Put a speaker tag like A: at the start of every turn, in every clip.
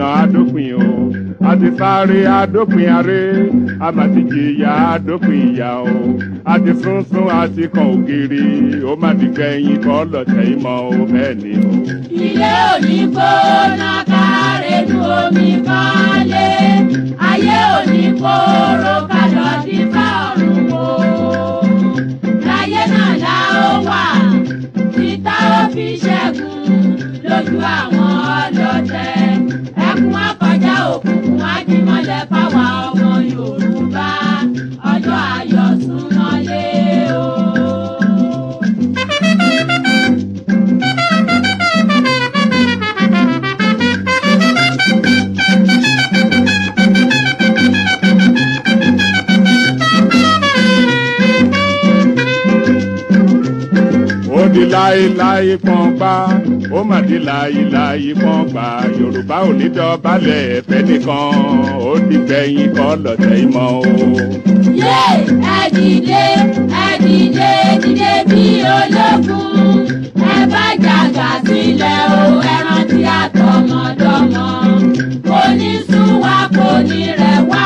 A: ọ̀nà àdópin o a ti sáré àdópin aré a má o a ti súnsún a ti kan ògiri ó má ti gbẹ̀yìn kọ́ lọ́tẹ̀ ìmọ̀ o bẹ́ẹ̀ ni o. ilé òní gbóná kárẹ́nu omi balẹ̀ ayé òní kóró kálọ̀ nípa ọ̀run o láyé náà la ó wà títa ó fi ṣẹ́gun lójú àwọn ọlọ́tẹ̀. ìmọ́lẹ̀ pàwọ́ wow. láéláé pọ́n bá ó mà di láéláé pọ́n bá yorùbá ò ní dọ̀bálẹ̀ ẹ̀fẹ́ nìkan ó ti gbẹ̀yìn kọ́ lọ́tẹ̀ ìmọ̀ o. yé ẹ dìde ẹ dìde dìde bí ológun ẹ bá jàgbà sílẹ̀ o ẹ rántí àtọmọdọmọ kò ní sún wa kò ní rẹ̀ wá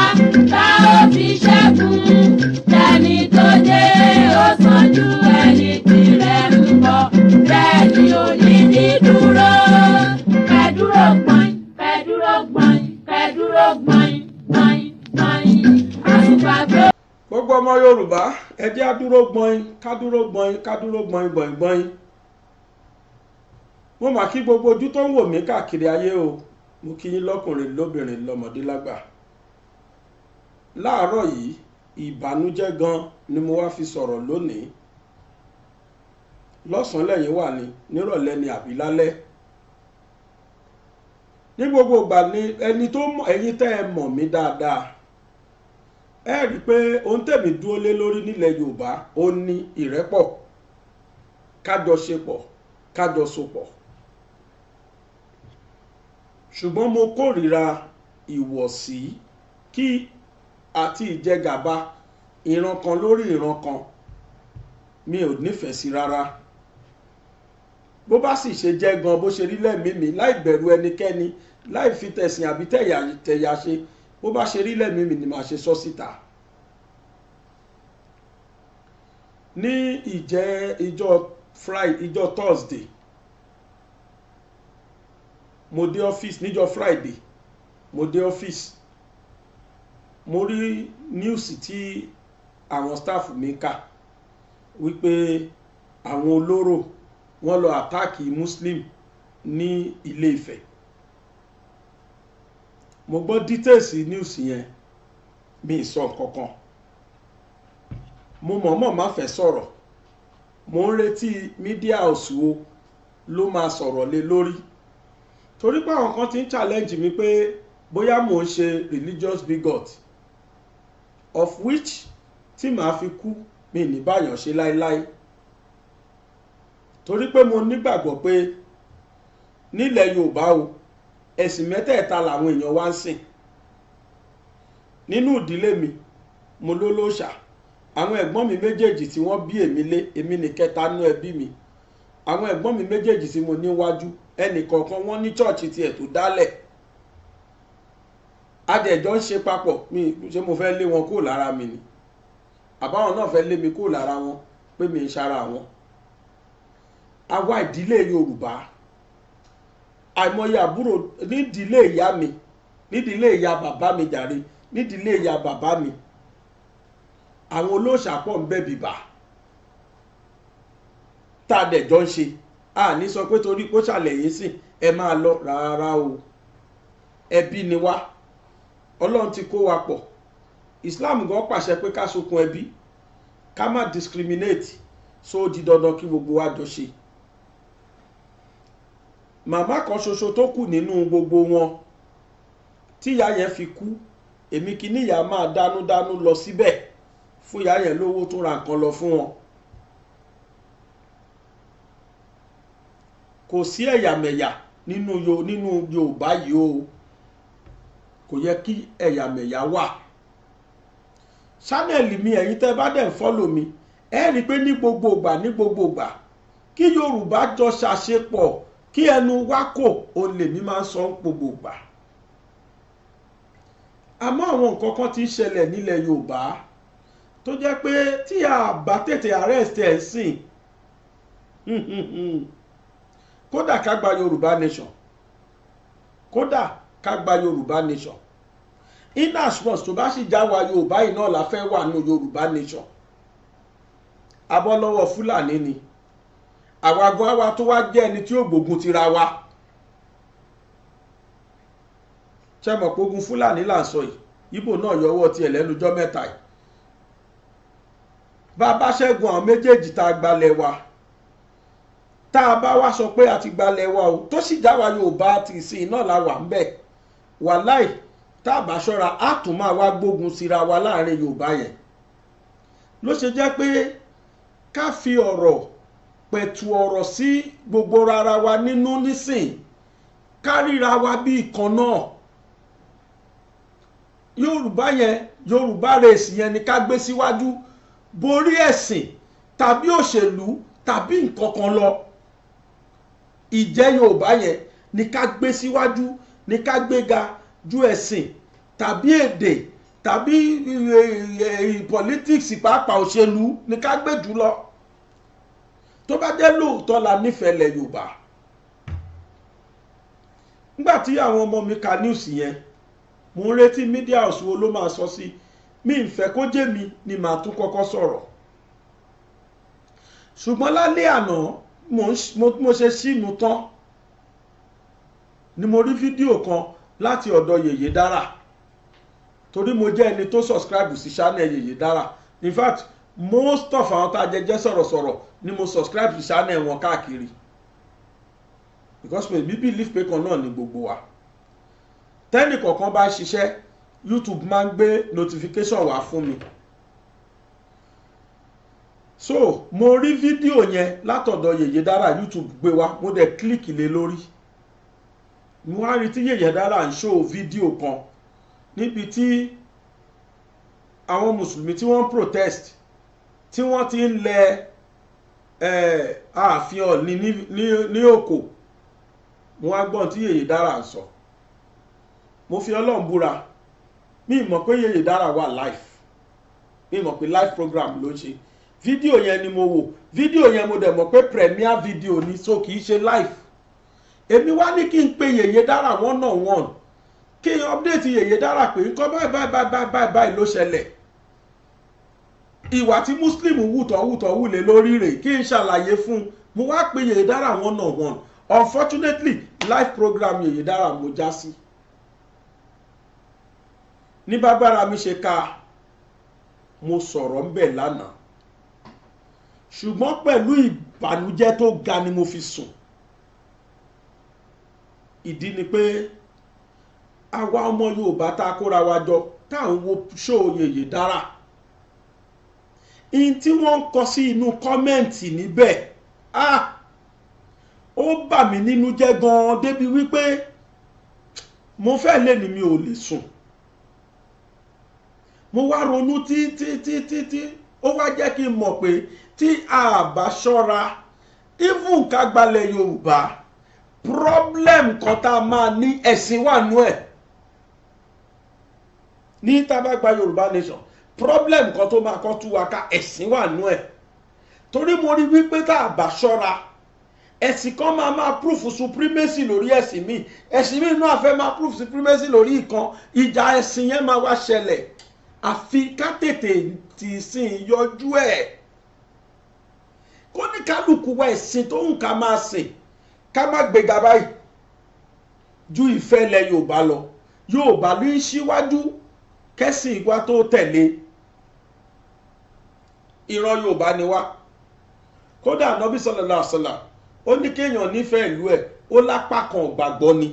A: tá ó fi ṣẹ́gun tó dé ó sàn ẹ bẹ́ẹ̀ ni ò ní ní dúró kẹ́dúró gbọ̀nyìn kẹ́dúró gbọ̀nyìn kẹ́dúró gbọ̀nyìn gbọ̀nyìn gbọ̀nyìn àtùpàgbé.
B: gbogbo ọmọ Yorùbá ẹ jẹ́ àdúró gbọ̀nyìn kádúró gbọ̀nyìn kádúró gbọ̀nyìn gbọ̀nyìn gbọ̀nyìn mo mà kí gbogbo ojú tó ń wò mí káàkiri ayé o mo kí yín lọ́kùnrin lóbìnrin lọ́mọdé lágbà láàárọ̀ yìí ìbànújẹ́ gan ni mo wá fi sọ̀rọ̀ lónìí lọ́sàn-án lẹ́yìn wà ní nírọ̀lẹ́ ni àbí lálẹ́ ní gbogbo ìgbà ni ẹni tó mọ̀ ẹ̀yin tẹ́ ẹ mọ̀ mí dáadáa ẹ rí i pé ohun tẹ̀mí dúró lé lórí nílẹ̀ Yorùbá ó ní ìrẹ́pọ̀ kájọṣepọ̀ kájọsopọ̀ ṣùgbọ́n mo kórìíra ìwọ̀sí kí àti ìjẹgàba ìran kan lórí ìran kan mi ò nífẹ̀ẹ́ sí rárá. Si bó bá sì ṣe jẹ́ gan bó ṣe rí lẹ́mìí mi láì bẹ̀rù ẹnikẹ́ni láì fi tẹ̀sìn àbí tẹ̀yà ṣe bó bá ṣe rí lẹ́mìí ni màá ṣe sọ síta. ní ìjẹ́ ìjọ Friday ìjọ Thursday mo dé ọ́fíìsì níjọ Friday mo dé ọ́fíìsì mo rí níùsì tí àwọn staff mi kà wípé àwọn olóró wọ́n lọ àtáàkì muslim ní ilé Ifẹ̀ mo gbọ́ details news yẹn mi ì sọ kankan mo mọ̀ọ́mọ̀ má fẹ́ sọ̀rọ̀ mo ń retí media house wo ló máa sọ̀rọ̀ lé lórí torí pé àwọn kan ti ń challenge mi pé bóyá mò ń ṣe religious bigot of which tí màá fi kú mi ní báyọ̀ ṣe láéláé. Lai lai torí pé mo nígbàgbọ́ pé nílẹ̀ yorùbá o ẹ̀sìn mẹ́tẹ̀ẹ̀ta làwọn èèyàn wá ń sìn nínú ìdílé mi mo ló lóṣà àwọn ẹ̀gbọ́n mi méjèèjì tí wọ́n bí èmi lé èmi ní kẹta nú ẹbí mi àwọn ẹ̀gbọ́n mi méjèèjì tí mo níwájú ẹnì kọ̀ọ̀kan wọ́n ní chọ́ọ̀chì tiẹ̀ tó dálẹ̀ adẹ̀jọ́ ń ṣe papọ̀ mi ṣé mo fẹ́ lé wọn kúrò lára mi ni àbáwọn náà fẹ́ lé mi kúrò lára wọn pé mi ń ṣara wọn àwa ìdílé yorùbá àìmọye àbúrò nídìílé ìyá mi nídìílé ìyá bàbá mi jàre nídìílé ìyá bàbá mi àwọn olóòṣà pọ̀ ń bẹ bìbà tá a dẹ̀ jọ ń ṣe a ní sọ pé torí kó ṣàlẹ̀yìn sí ẹ máa lọ rárá o ẹbí ni wá ọlọ́run ti kó wa pọ̀ islam gan pàṣẹ pé ká sokun ẹbí ká má discriminate so di dandan kí gbogbo wa jọ ṣe màmá kan ṣoṣo tó kù nínú gbogbo wọn tíyá yẹn fi kú èmi kì níyà máa dánúdánú lọ síbẹ̀ fún ìyá yẹn lówó tó ra nǹkan lọ fún wọn. kò sí ẹ̀yàmẹ̀yà nínú Yorùbá yìí o kò yẹ kí ẹ̀yàmẹ̀yà wà ṣánẹ́ẹ̀lì mi ẹ̀yin tẹ́ bá dẹ̀ ń fọ́lò mi ẹ rí i pé ní gbogbo ìgbà ní gbogbo ìgbà kí Yorùbá jọ ṣàṣepọ̀ kí ẹnu wá kò ó lè mí máa sọ ń gbogbo gbà àmọ́ àwọn nǹkan kan ti ń ṣẹlẹ̀ nílẹ̀ Yorùbá tó jẹ́ pé tí a bá tètè arrest ẹ̀ sìn kódà ká gba Yorùbá nation kódà ká gba Yorùbá nation in as much tó bá sì já wa Yorùbá yìí náà la fẹ́ wà nù Yorùbá nation abọ́ lọ́wọ́ Fúlàní ni. ni àwa gan àwa tó wá jẹ́ ẹni tí ó gbógun tira wa ṣe mọ̀ pé ogun fúlàní là ń sọ yìí ibo náà yọ ọwọ́ tiẹ̀ lẹ́nujọ́ mẹ́ta yìí bá a bá ṣẹ́gun àwọn méjèèjì tá a gbalẹ̀ wa tá a bá wá sọ pé a ti gbalẹ̀ wa o tó sì dá wa Yorùbá ti ìsìn náà la wà ń bẹ̀ wàláì tá a bá ṣọ́ra á tún máa wá gbógun síra wa láàrin Yorùbá yẹn ló ṣe jẹ́ pé ká fi ọ̀rọ̀ pẹ̀tù ọ̀rọ̀ sí gbogbo ara wa nínú nísìn kárìíra wa bí ìkan náà yorùbá yẹn yorùbá rèsì yẹn ni ká gbé síwájú borí ẹ̀sìn tàbí òṣèlú tàbí nǹkan kan lọ ìjẹ́ yorùbá yẹn ni ká gbé síwájú ni ká gbéga ju ẹ̀sìn tàbí èdè tàbí eh, eh, eh, politics pàápàá òṣèlú ni ká gbé jù lọ tó bá jẹ́ lóòótọ́ la nífẹ̀ẹ́ lẹ Yorùbá nígbà tí àwọn ọmọ mi ka news yẹn mo ń retí media house wo ló máa sọ sí mi ń fẹ́ kó jẹ́ mi ni màá tún kọ́kọ́ sọ̀rọ̀ ṣùgbọ́n lálẹ́ àná mo ṣe sínú tán ni mo rí fídíò kan láti ọ̀dọ̀ yèyé dára torí mo jẹ́ ẹni tó subscribe sí channel yèyé dára in fact most of àwọn tá a jẹjẹ sọ̀rọ̀sọ̀rọ̀ ni mo subscribe to channel wọn káàkiri because pé mi believe pé kan náà ni gbogbo wa tẹ́nì kọ̀ọ̀kan bá ṣiṣẹ́ YouTube máa ń gbé notification wá fún mi so mo rí fídíò yẹn látọ̀dọ̀ yèyé dára YouTube gbé wa mo dẹ̀ click lé lórí mo wá rí tí yèyé dára ń ṣó fídíò kan níbi tí àwọn mùsùlùmí tí wọ́n protest tí wọ́n ti ń lẹ ààfin ọ̀ọ̀ni ní òkò wọn á gbọ́n tí yèyè dára ń sọ mo fi ọlọ́run búra mi mọ̀ pé yèyè dára wà live mi mọ̀ pé live program ló ṣe fídíò yẹn ni mo wò fídíò yẹn mo dẹ̀ mọ̀ pé premier video ni so kì í ṣe live èmi wá ní kí n pe yèyè dára one on one kí n update yèyè dára pé nǹkan báyìí báyìí báyìí báyìí ló ṣẹlẹ̀ ìwà tí muslim wùtọ̀ wùtọ̀ wùlé lórí rẹ̀ kí n ṣàlàyé fún un mo wá pe yèyé one on one unfortunately life program yèyé dára mo já sí ní bábára mi ṣe ká mo sọ̀rọ̀ ń bẹ̀ lánàá ṣùgbọ́n pẹ̀lú ìbànújẹ́ tó ga ni mo fi sùn ìdí ni pé àwa ọmọ Yorùbá tá a kóra wa jọ tá à ń wo ṣóòyè yèyé in tí wọ́n ń kọ sí inú kọ́mẹ́ǹtì níbẹ̀ ah ó bà mí nínú jẹ́ gan-an débi wípé mo fẹ́ lè ní mi ò lè sùn mo wá ronú tí tí tí tí tí ó wá jẹ́ kí n mọ̀ pé tí a bá ṣọ́ra even ká gbalẹ̀ Yorùbá problem kan tá a máa ní ẹ̀sìn wà nú ẹ̀ ní tá Yorùbá nation problem kan tó máa kọ́ tú wa ká ẹ̀sìn wà nú ẹ̀ torí mo rí wípé tá a bá ṣọ́ra ẹ̀sìn kan máa máa proof supremacy lórí ẹ̀sìn míì ẹ̀sìn míì náà fẹ́ máa proof supremacy lórí ìkan ìjà ẹ̀sìn yẹn máa wá ṣẹlẹ̀ àfi ká tètè tì sìn yọjú ẹ̀ kó ní kálukú wa ẹ̀sìn tó ń ká máa sìn ká má gbégbá báyìí ju ìfẹ́ ilẹ̀ Yorùbá lọ Yorùbá ló ń ṣíwájú kẹ́sìn ìwà tó tẹ̀lé irọ́ Yorùbá ni wá kódà nọ́bí sọlọ́lá àṣọlá ó ní kéèyàn nífẹ̀ẹ́ ìlú ẹ̀ ó lápá kan ìgbàgbọ́ ni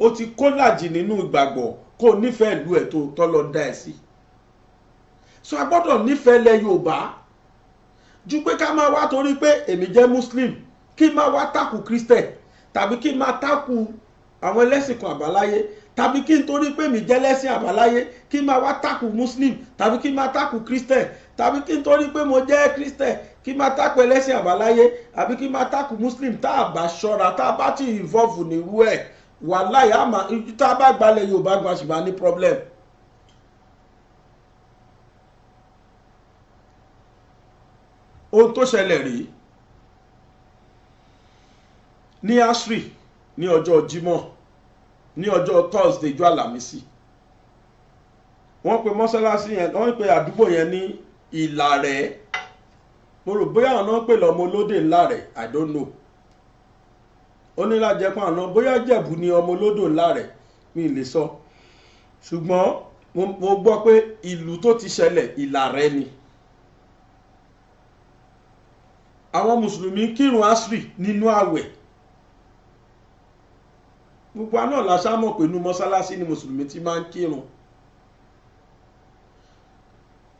B: ó ti kó làjì nínú ìgbàgbọ́ kó nífẹ̀ẹ́ ìlú ẹ̀ tó tọ́lọ́ dá ẹ̀ sí so a gbọ́dọ̀ nífẹ̀ẹ́ lẹ Yorùbá ju pé ká máa wá torí pé èmi jẹ́ Muslim kí n máa wá tákù Christian tàbí kí n máa tákù àwọn ẹlẹ́sìn kan àbáláyé tàbí kí n torí pé mi jẹ́lẹ́sìn àbáláyé kí n máa wá tàkù muslim tàbí kí n máa tàkù christian tàbí kí n torí pé mo jẹ́ christian kí n máa tàkù ẹlẹ́sìn àbáláyé àbí kí n máa tàkù muslim tá a bá ṣọ́ra tá a bá ti involve nírú ẹ̀ wàláyà àmà tá a bá gbalẹ̀ yorùbá gba ṣùgbọ́n ní problem. ohun tó ṣẹlẹ̀ rèé ní asri ní ọjọ́ Jímọ̀ ní ọjọ́ thursday ijọ́ àlàmísì wọ́n pe mọ́sálásí yẹn wọ́n pe àdúgbò yẹn ní ìlàrẹ̀ mo rò bóyá àwọn náà pè lọ́mọ olóde ńlá rẹ̀ i don't know onílàjẹ pa àná bóyá jẹ̀bù ni ọmọ olódò ńlá rẹ̀ mi lè sọ ṣùgbọ́n mo gbọ́ pé ìlú tó ti ṣẹlẹ̀ ìlàrẹ̀ ni àwọn mùsùlùmí kírun asri nínú àwẹ̀ gbogbo aná lásán mọ̀ pé inú mọ́sálásí ni mùsùlùmí ti máa ń kírun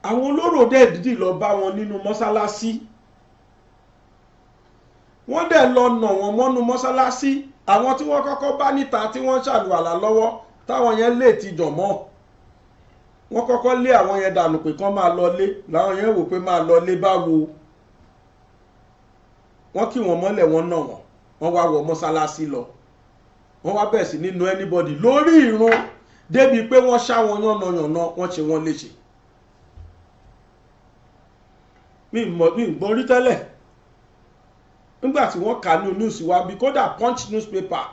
B: àwọn olóró dẹ̀ dídì lọ bá wọn nínú mọ́sálásí wọ́n dẹ̀ lọ nà wọ́n mọ́nú mọ́sálásí àwọn tí wọ́n kọ́kọ́ bá níta tí wọ́n ṣàlùwàlà lọ́wọ́ táwọn yẹn lè ti jọ̀ mọ́ wọ́n kọ́kọ́ lé àwọn yẹn dànù pé kán máa lọlé làwọn yẹn wò pé máa lọlé báwo wọ́n kí wọ́n mọ́lẹ̀ wọ́n nà wọ́n wọ́n wá wọ mọ́sálásí lọ wọ́n wá bẹ̀rẹ̀ sí nínú anybody lórí ìrun débi pé wọ́n ṣá wọn yànnàyànnà wọ́n ṣe wọ́n léṣe mi mọ̀ mi gbọ́n rí tẹ́lẹ̀ nígbà tí wọ́n kà ní news wa bí kódà punch newspaper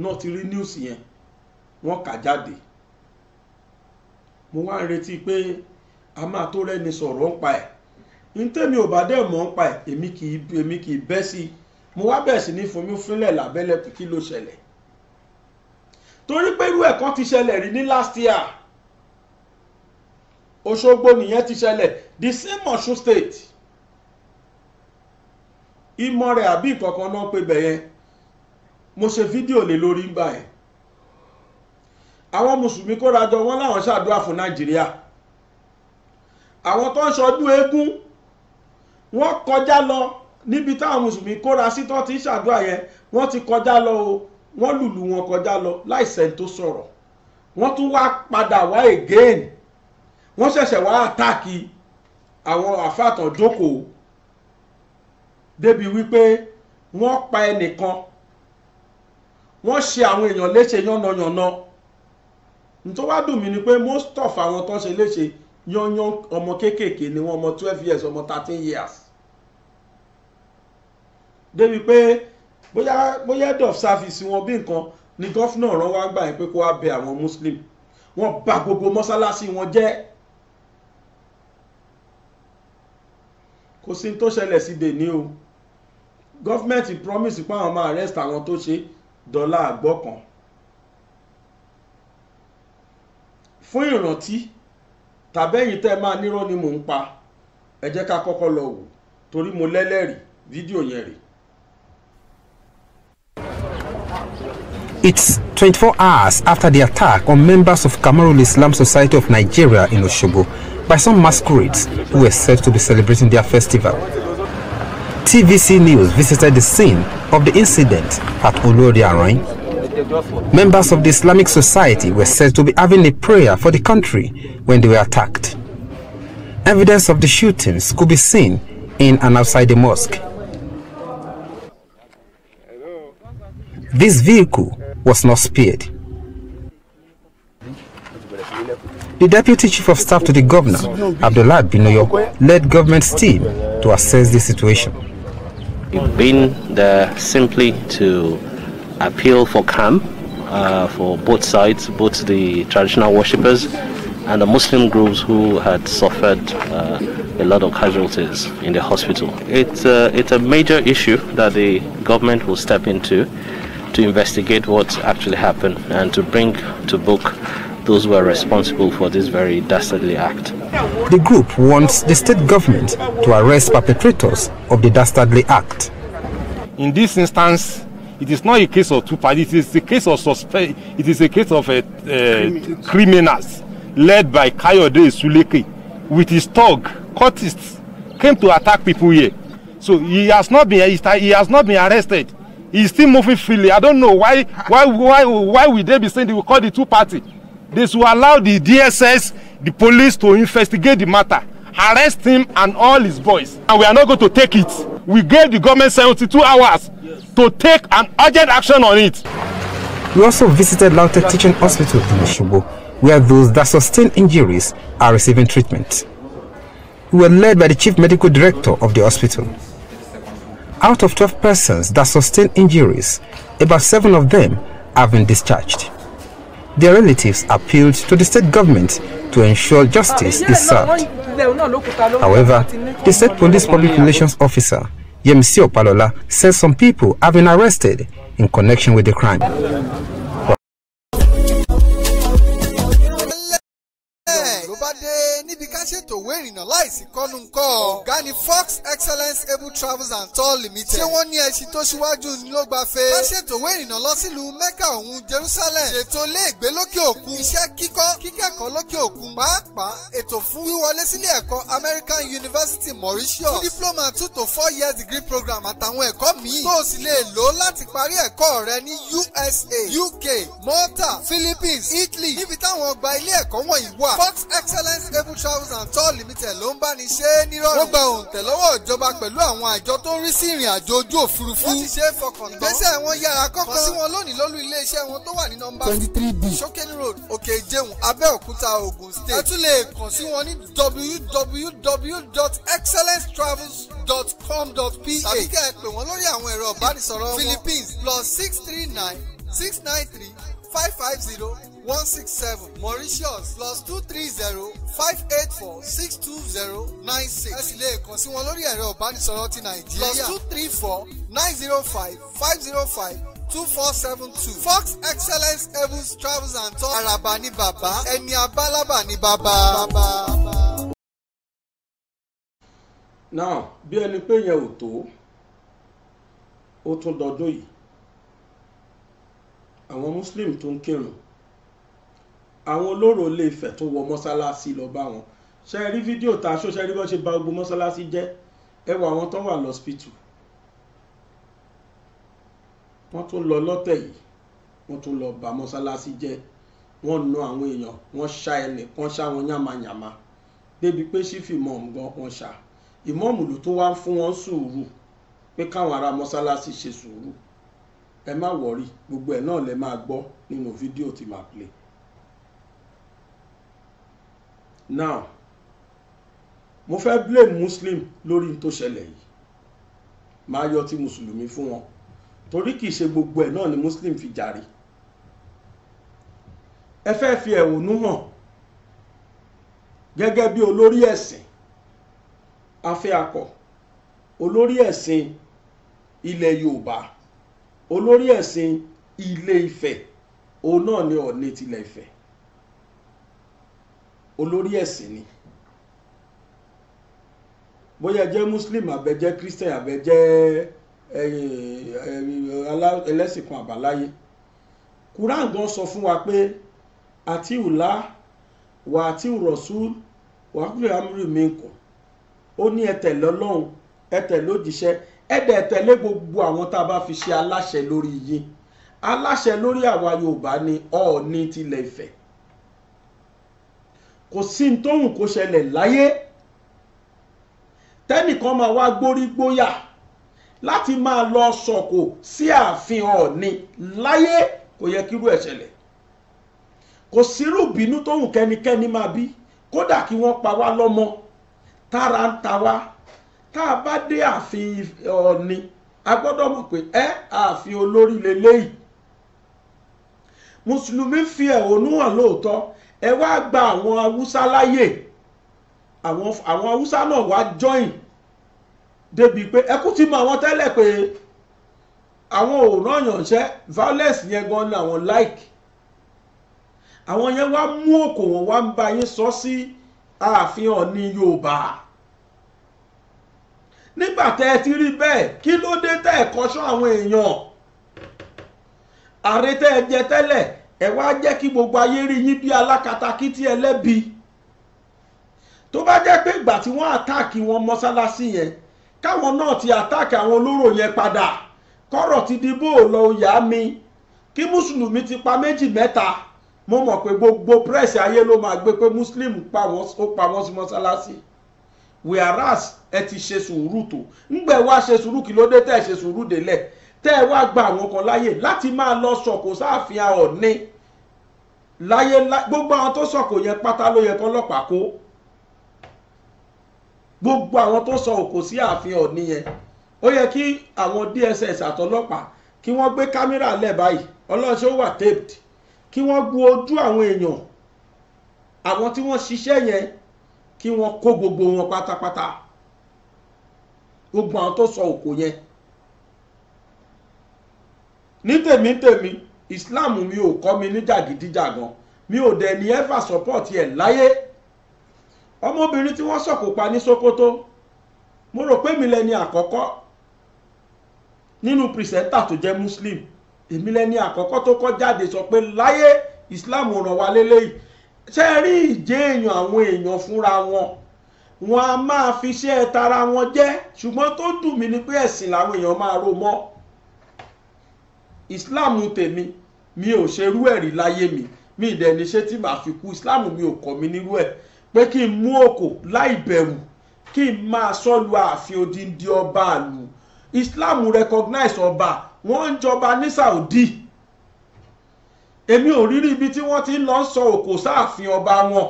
B: náà ti rí news yẹn wọ́n kà jáde mo wá ń retí pé a máa tó rẹ́ni sọ̀rọ̀ ń pa ẹ̀ n tẹ́mi ò bá dẹ̀ mọ̀ ń pa ẹ̀ èmi kì í bẹ́ sí i mo wá bẹ̀ sí ní fún mi fúnlẹ̀ lábẹ́lẹ̀ kí ló ṣẹlẹ̀ torí pé irú ẹ̀kan ti ṣẹlẹ̀ rí ní last year Òṣogbo nìyẹn ti ṣẹlẹ̀ the same Ọ̀ṣun state ìmọ̀ rẹ̀ àbí ìkọ̀kan náà pé bẹ̀yẹn mo ṣe fídíò lé lórí ń báyìí àwọn mùsùlùmí kóra jọ wọn láwọn ṣàdúrà fún Nàìjíríà àwọn tó ń ṣọdún eégún wọ́n kọjá lọ níbi táwọn mùsùlùmí kóra sí tó ti ń ṣàdúrà yẹn wọ́n ti kọjá lọ o wọ́n lùlù wọn kọjá lọ láìsẹ̀ tó sọ̀rọ̀ wọ́n tún wá padà wá again wọ́n ṣẹ̀ṣẹ̀ wá àtàkì àwọn àfàtàn jókòó débi wípé wọ́n pa ẹnìkan wọ́n ṣe àwọn èèyàn léṣe yánnayànna nítorí wá dùn mí ni pé most of àwọn tó ń ṣe léṣe yányán ọmọ kéékèèké ni wọ́n ọmọ twelve years ọmọ thirteen years débi pé bóyá bóyá head of service wọn bí nǹkan ni gọ́fìnà rán wá gbà yín pé kó wá bẹ àwọn muslim wọ́n bà gbogbo mọ́sálásí wọn jẹ́ kò sí tó ṣẹlẹ̀ síbẹ̀ ní o gọ́fìmẹ̀ntì promise pé àwọn máa arrest àwọn tó ṣe dọ́là àgbọ̀kan fún ìrántí tàbẹ́yìn tẹ́ máa nírọ́ ni mò ń pa ẹ jẹ́ ká kọ́kọ́ lọ wò torí mo lẹ́lẹ́rìí fídíò yẹn rèé
C: It's 24 hours after the attack on members of Kamarul Islam Society of Nigeria in Oshobo by some masquerades who were said to be celebrating their festival. TVC News visited the scene of the incident at Olori Arain. Members of the Islamic Society were said to be having a prayer for the country when they were attacked. Evidence of the shootings could be seen in and outside the mosque. This vehicle was not spared. The Deputy Chief of Staff to the Governor, Abdullah Binoyo, led government's team to assess the situation.
A: We've been there simply to appeal for calm uh, for both sides, both the traditional worshippers and the Muslim groups who had suffered uh, a lot of casualties in the hospital. It's, uh, it's a major issue that the government will step into to investigate what actually happened and to bring to book those who are responsible for this very dastardly act. The
C: group wants the state government to arrest perpetrators of the dastardly act. In this instance, it is not a case of two parties, it is a case of suspect, it is
B: a case of a, uh, uh, criminals led by Kayode Suliki, with his thug, courtists came to attack people here. So he has not been, he has not been arrested. he's still moving freely i don't know why why why why would they be saying they will call the two party they should allow the dss the police to investigate the matter arrest him and all his boys and we are not going to take it we gave the government 72 hours yes. to take an urgent action on it we also visited lautech
C: teaching hospital in oshubo where those that sustain injuries are receiving treatment we were led by the chief medical director of the hospital out of 12 persons that sustained injuries, about seven of them have been discharged. Their relatives appealed to the state government to ensure justice is served.
D: However, the state police public relations
C: officer, Yemisi Opalola, says some people have been arrested in connection with the crime.
E: tòwé ìrìnnà láìsí kọ́nu ńkọ́. ọ̀gá ni Fox Excellence Able Travels and Tour Limited. ṣé wọ́n ní ẹṣin tó ṣíwájú ni ló gba fe. wọ́n ṣètò ìwé ìrìnnà lọ sílùú Mecca òun Jerusalem. ṣètò iléègbé lókè òkun. iṣẹ́ kíkọ́ kíkẹ́kọ̀ọ́ lókè òkun. pàápàá ètò fún wíwọlé sílé ẹ̀kọ́ American University Mauritius. fún diploma two to four years degree program àtàwọn ẹ̀kọ́ míì. tó o sì lè lò ó láti parí ẹ̀kọ́ rẹ ní USA UK Malta Philippines Italy níbi táwọn ọgbà ilé ẹ̀kọ́ wọ̀nyí wà. Fox Excellence Able Travels and Tour Sol Limited ló ń bá ní ṣe é nírọ̀rùn. wọ́n gba òǹtẹ̀ lọ́wọ́ ìjọba pẹ̀lú àwọn àjọ tó ń rí sí ìrìn àjò ojú òfurufú. wọ́n ti ṣe é fọkàn tán. ìgbésẹ̀ wọn yára kọ́kọ́. kàn wọn lónìí lólú iléeṣẹ́ wọn tó wà ní nọ́mbà. twenty three b Shokeni Road Òkè Ìjẹun Abẹ́òkúta Ògùn State. ẹ tún lè kàn sí wọn ní www.excellencetravels.com.ph. tàbí kẹ́ ẹ pè wọ́n lórí àwọn ẹ̀rọ ìbánisọ̀rọ̀ wọn. Philippines plus six three nine six nine three five five zero one six seven Mauritius plus two three zero five eight four six two zero nine six. ẹ sì lè kàn sí wọn lórí ẹ̀rọ ìbánisọ̀rọ̀ ti Nàìjíríà plus two three four nine zero five five zero five two four seven two Fox Excellence Evans Travels and Tours Àràbà ni bàbá ẹni abálábà ni bàbá.
B: now bí ẹni pé yẹn ò tó ó tún dọdún yìí àwọn muslim tó ń kírun àwọn olóró ilé Ifẹ̀ tó wọ mọ́sálásí lọ bá wọn ṣe rí fídíò tá a ṣó ṣe rí bọ́ ṣe bà gbogbo mọ́sálásí jẹ́ ẹ wọ àwọn tó wà lọ́spítù wọ́n tún lọ lọ́tẹ̀ yìí wọ́n tún lọ bà mọ́sálásí jẹ́ wọ́n na àwọn èèyàn wọ́n ṣá ẹnì kan ṣá wọn yàmàyàmà débi pé sífì mọ̀ọ́mù gan wọ́n ṣá ìmọ̀ọ́mù ló tún wá fún wọn sùúrù pé káwọn ará mọ́sálásí ṣe sùúrù ẹ má wọ̀rí gbogbo ẹ̀ náà lẹ máa gbọ́ nínú fídíò tí màá play. now mo fẹ́ blame muslim lórí n tó ṣẹlẹ̀ yìí máa yọ ti mùsùlùmí fún wọn torí kìí ṣe gbogbo ẹ̀ náà ni muslim fi jàre ẹ fẹ́ fi ẹ̀hónú hàn gẹ́gẹ́ bí olórí ẹ̀sìn afẹ́ akọ olórí ẹ̀sìn ilẹ̀ yorùbá olórí ẹ̀sìn ilé Ifẹ̀ òun náà ni Ọọ̀ni tilẹ̀ Ifẹ̀ olórí ẹ̀sìn ni bóyá jẹ́ muslim àbẹ̀jẹ́ christian àbẹ̀jẹ́ ẹlẹ́sìn kan àbáláyé quran gan sọ fún wa pé àti ìwùlá wà àti ìrọ̀sùn wà á kúrò amúrú mi kù ó ní ẹ tẹ̀lé ọlọ́run ẹ tẹ̀lé òjíṣẹ́ ẹ dẹ̀ tẹ̀lé gbogbo àwọn tá a bá fi ṣe aláṣẹ lórí yín aláṣẹ lórí àwa Yorùbá ni Ọọ̀ni tilẹ̀ Ifẹ̀ kò sí ní tóhùn kó ṣẹlẹ̀ láyé tẹ́nìkan máa wá gbórí gbóyà láti máa lọ sọ̀kò sí ààfin Ọọ̀ni láyé kò yẹ kírú ẹ̀ ṣẹlẹ̀ kò sírú bínú tóhùn kẹ́nikẹ́ni máa bí kódà kí wọ́n pa wá lọ́mọ tára ń ta wá tá a bá dé ààfin ọ̀ni a gbọ́dọ̀ mọ̀ pé ẹ ààfin olórí leléyìí mùsùlùmí fi ẹ̀hónú hàn lóòótọ́ ẹ wá gba àwọn haúsá láyè àwọn haúsá náà wá join débi pé ẹ kú ti mọ àwọn tẹ́lẹ̀ pé àwọn ò rányànṣẹ́ violence yẹn gan ni àwọn like àwọn yẹn wá mú òkò wọn wá ń bá yín sọ sí ààfin ọ̀ni yorùbá nígbà tẹ́ ẹ ti rí bẹ́ẹ̀ kí ló dé tẹ́ ẹ kọ́ṣọ́ àwọn èèyàn àrè tẹ́ ẹ jẹ tẹ́lẹ̀ ẹ wá jẹ́ kí gbogbo ayé rí yín bí alákatakítí ẹlẹ́bi tó bá jẹ́ pé ìgbà tí wọ́n àtáàkì wọn mọ́sálásí yẹn káwọn náà ti àtáàkì àwọn olóró yẹn padà kọ́rọ̀ ti di bó lọ ìyá mi kí mùsùlùmí ti pa méjì mẹ́ta mo mọ̀ pé gbogbo pírẹ́sì ayé ló máa gbé pé muslim pa wọ́n sí mọ́sálásí. Si whereas ẹ ti ṣe sùúrù tó ńgbẹ wá ṣe sùúrù kí ló dé tẹ ṣe sùúrù délẹ̀ tẹ ẹ wá gba àwọn kan láyè láti máa lọ sọkò sáàfin Ọọ̀ni láyé gbogbo àwọn tó sọkò yẹn pátá ló yẹ kọ́lọ́pàá kó gbogbo àwọn tó sọ òkò sí ààfin Ọọ̀ni yẹn ó yẹ kí àwọn DSS àtọlọ́pàá kí wọ́n gbé kámẹ́rà lẹ̀ báyìí ọlọ́ṣẹ́ ó wà taped kí wọ́n gbu ojú àwọn èèyàn àwọn tí wọ́n ṣiṣẹ́ yẹn kí wọ́n kó gbogbo wọn pátápátá gbogbo àwọn tó sọ òkò yẹn ní tèmi tèmi Islam mi ò kọ́ mi ní jàgídíjàgan mi ò dẹ̀ ní ẹ́fà sọ́pọ̀tì ẹ̀ láyé ọmọbìnrin tí wọ́n sọ̀kò pa ní Sokoto mo rò pé mi lẹni àkọ́kọ́ nínú pìrìsẹ́ńtà tó jẹ́ Muslim èmi lẹni àkọ́kọ́ tó kọ́ jáde sọ pé láyé Islam ràn wá lélẹ́yìí ṣe rí ìjẹ́ èèyàn àwọn èèyàn fúnra wọn wọn a máa fi iṣẹ́ tara wọn jẹ́ ṣùgbọ́n tó dùn mí ni pé ẹ̀sìn làwọn èèyàn máa rò mọ́ Islam tèmi mi ò ṣerú ẹ̀rí láyé mi mi ìdẹ̀ ní ṣé tí màá fi kú Islam mi ò kọ́ mi nírú ẹ̀ pé kí n mú òkò láì bẹ̀rù kí n máa sọ́lu ààfin odindi ọba àlù Islam recognize ọba wọ́n ń jọba ní Saudi èmi ò rírí ibi tí wọ́n ti lọ sọ òkò sáàfin ọba wọn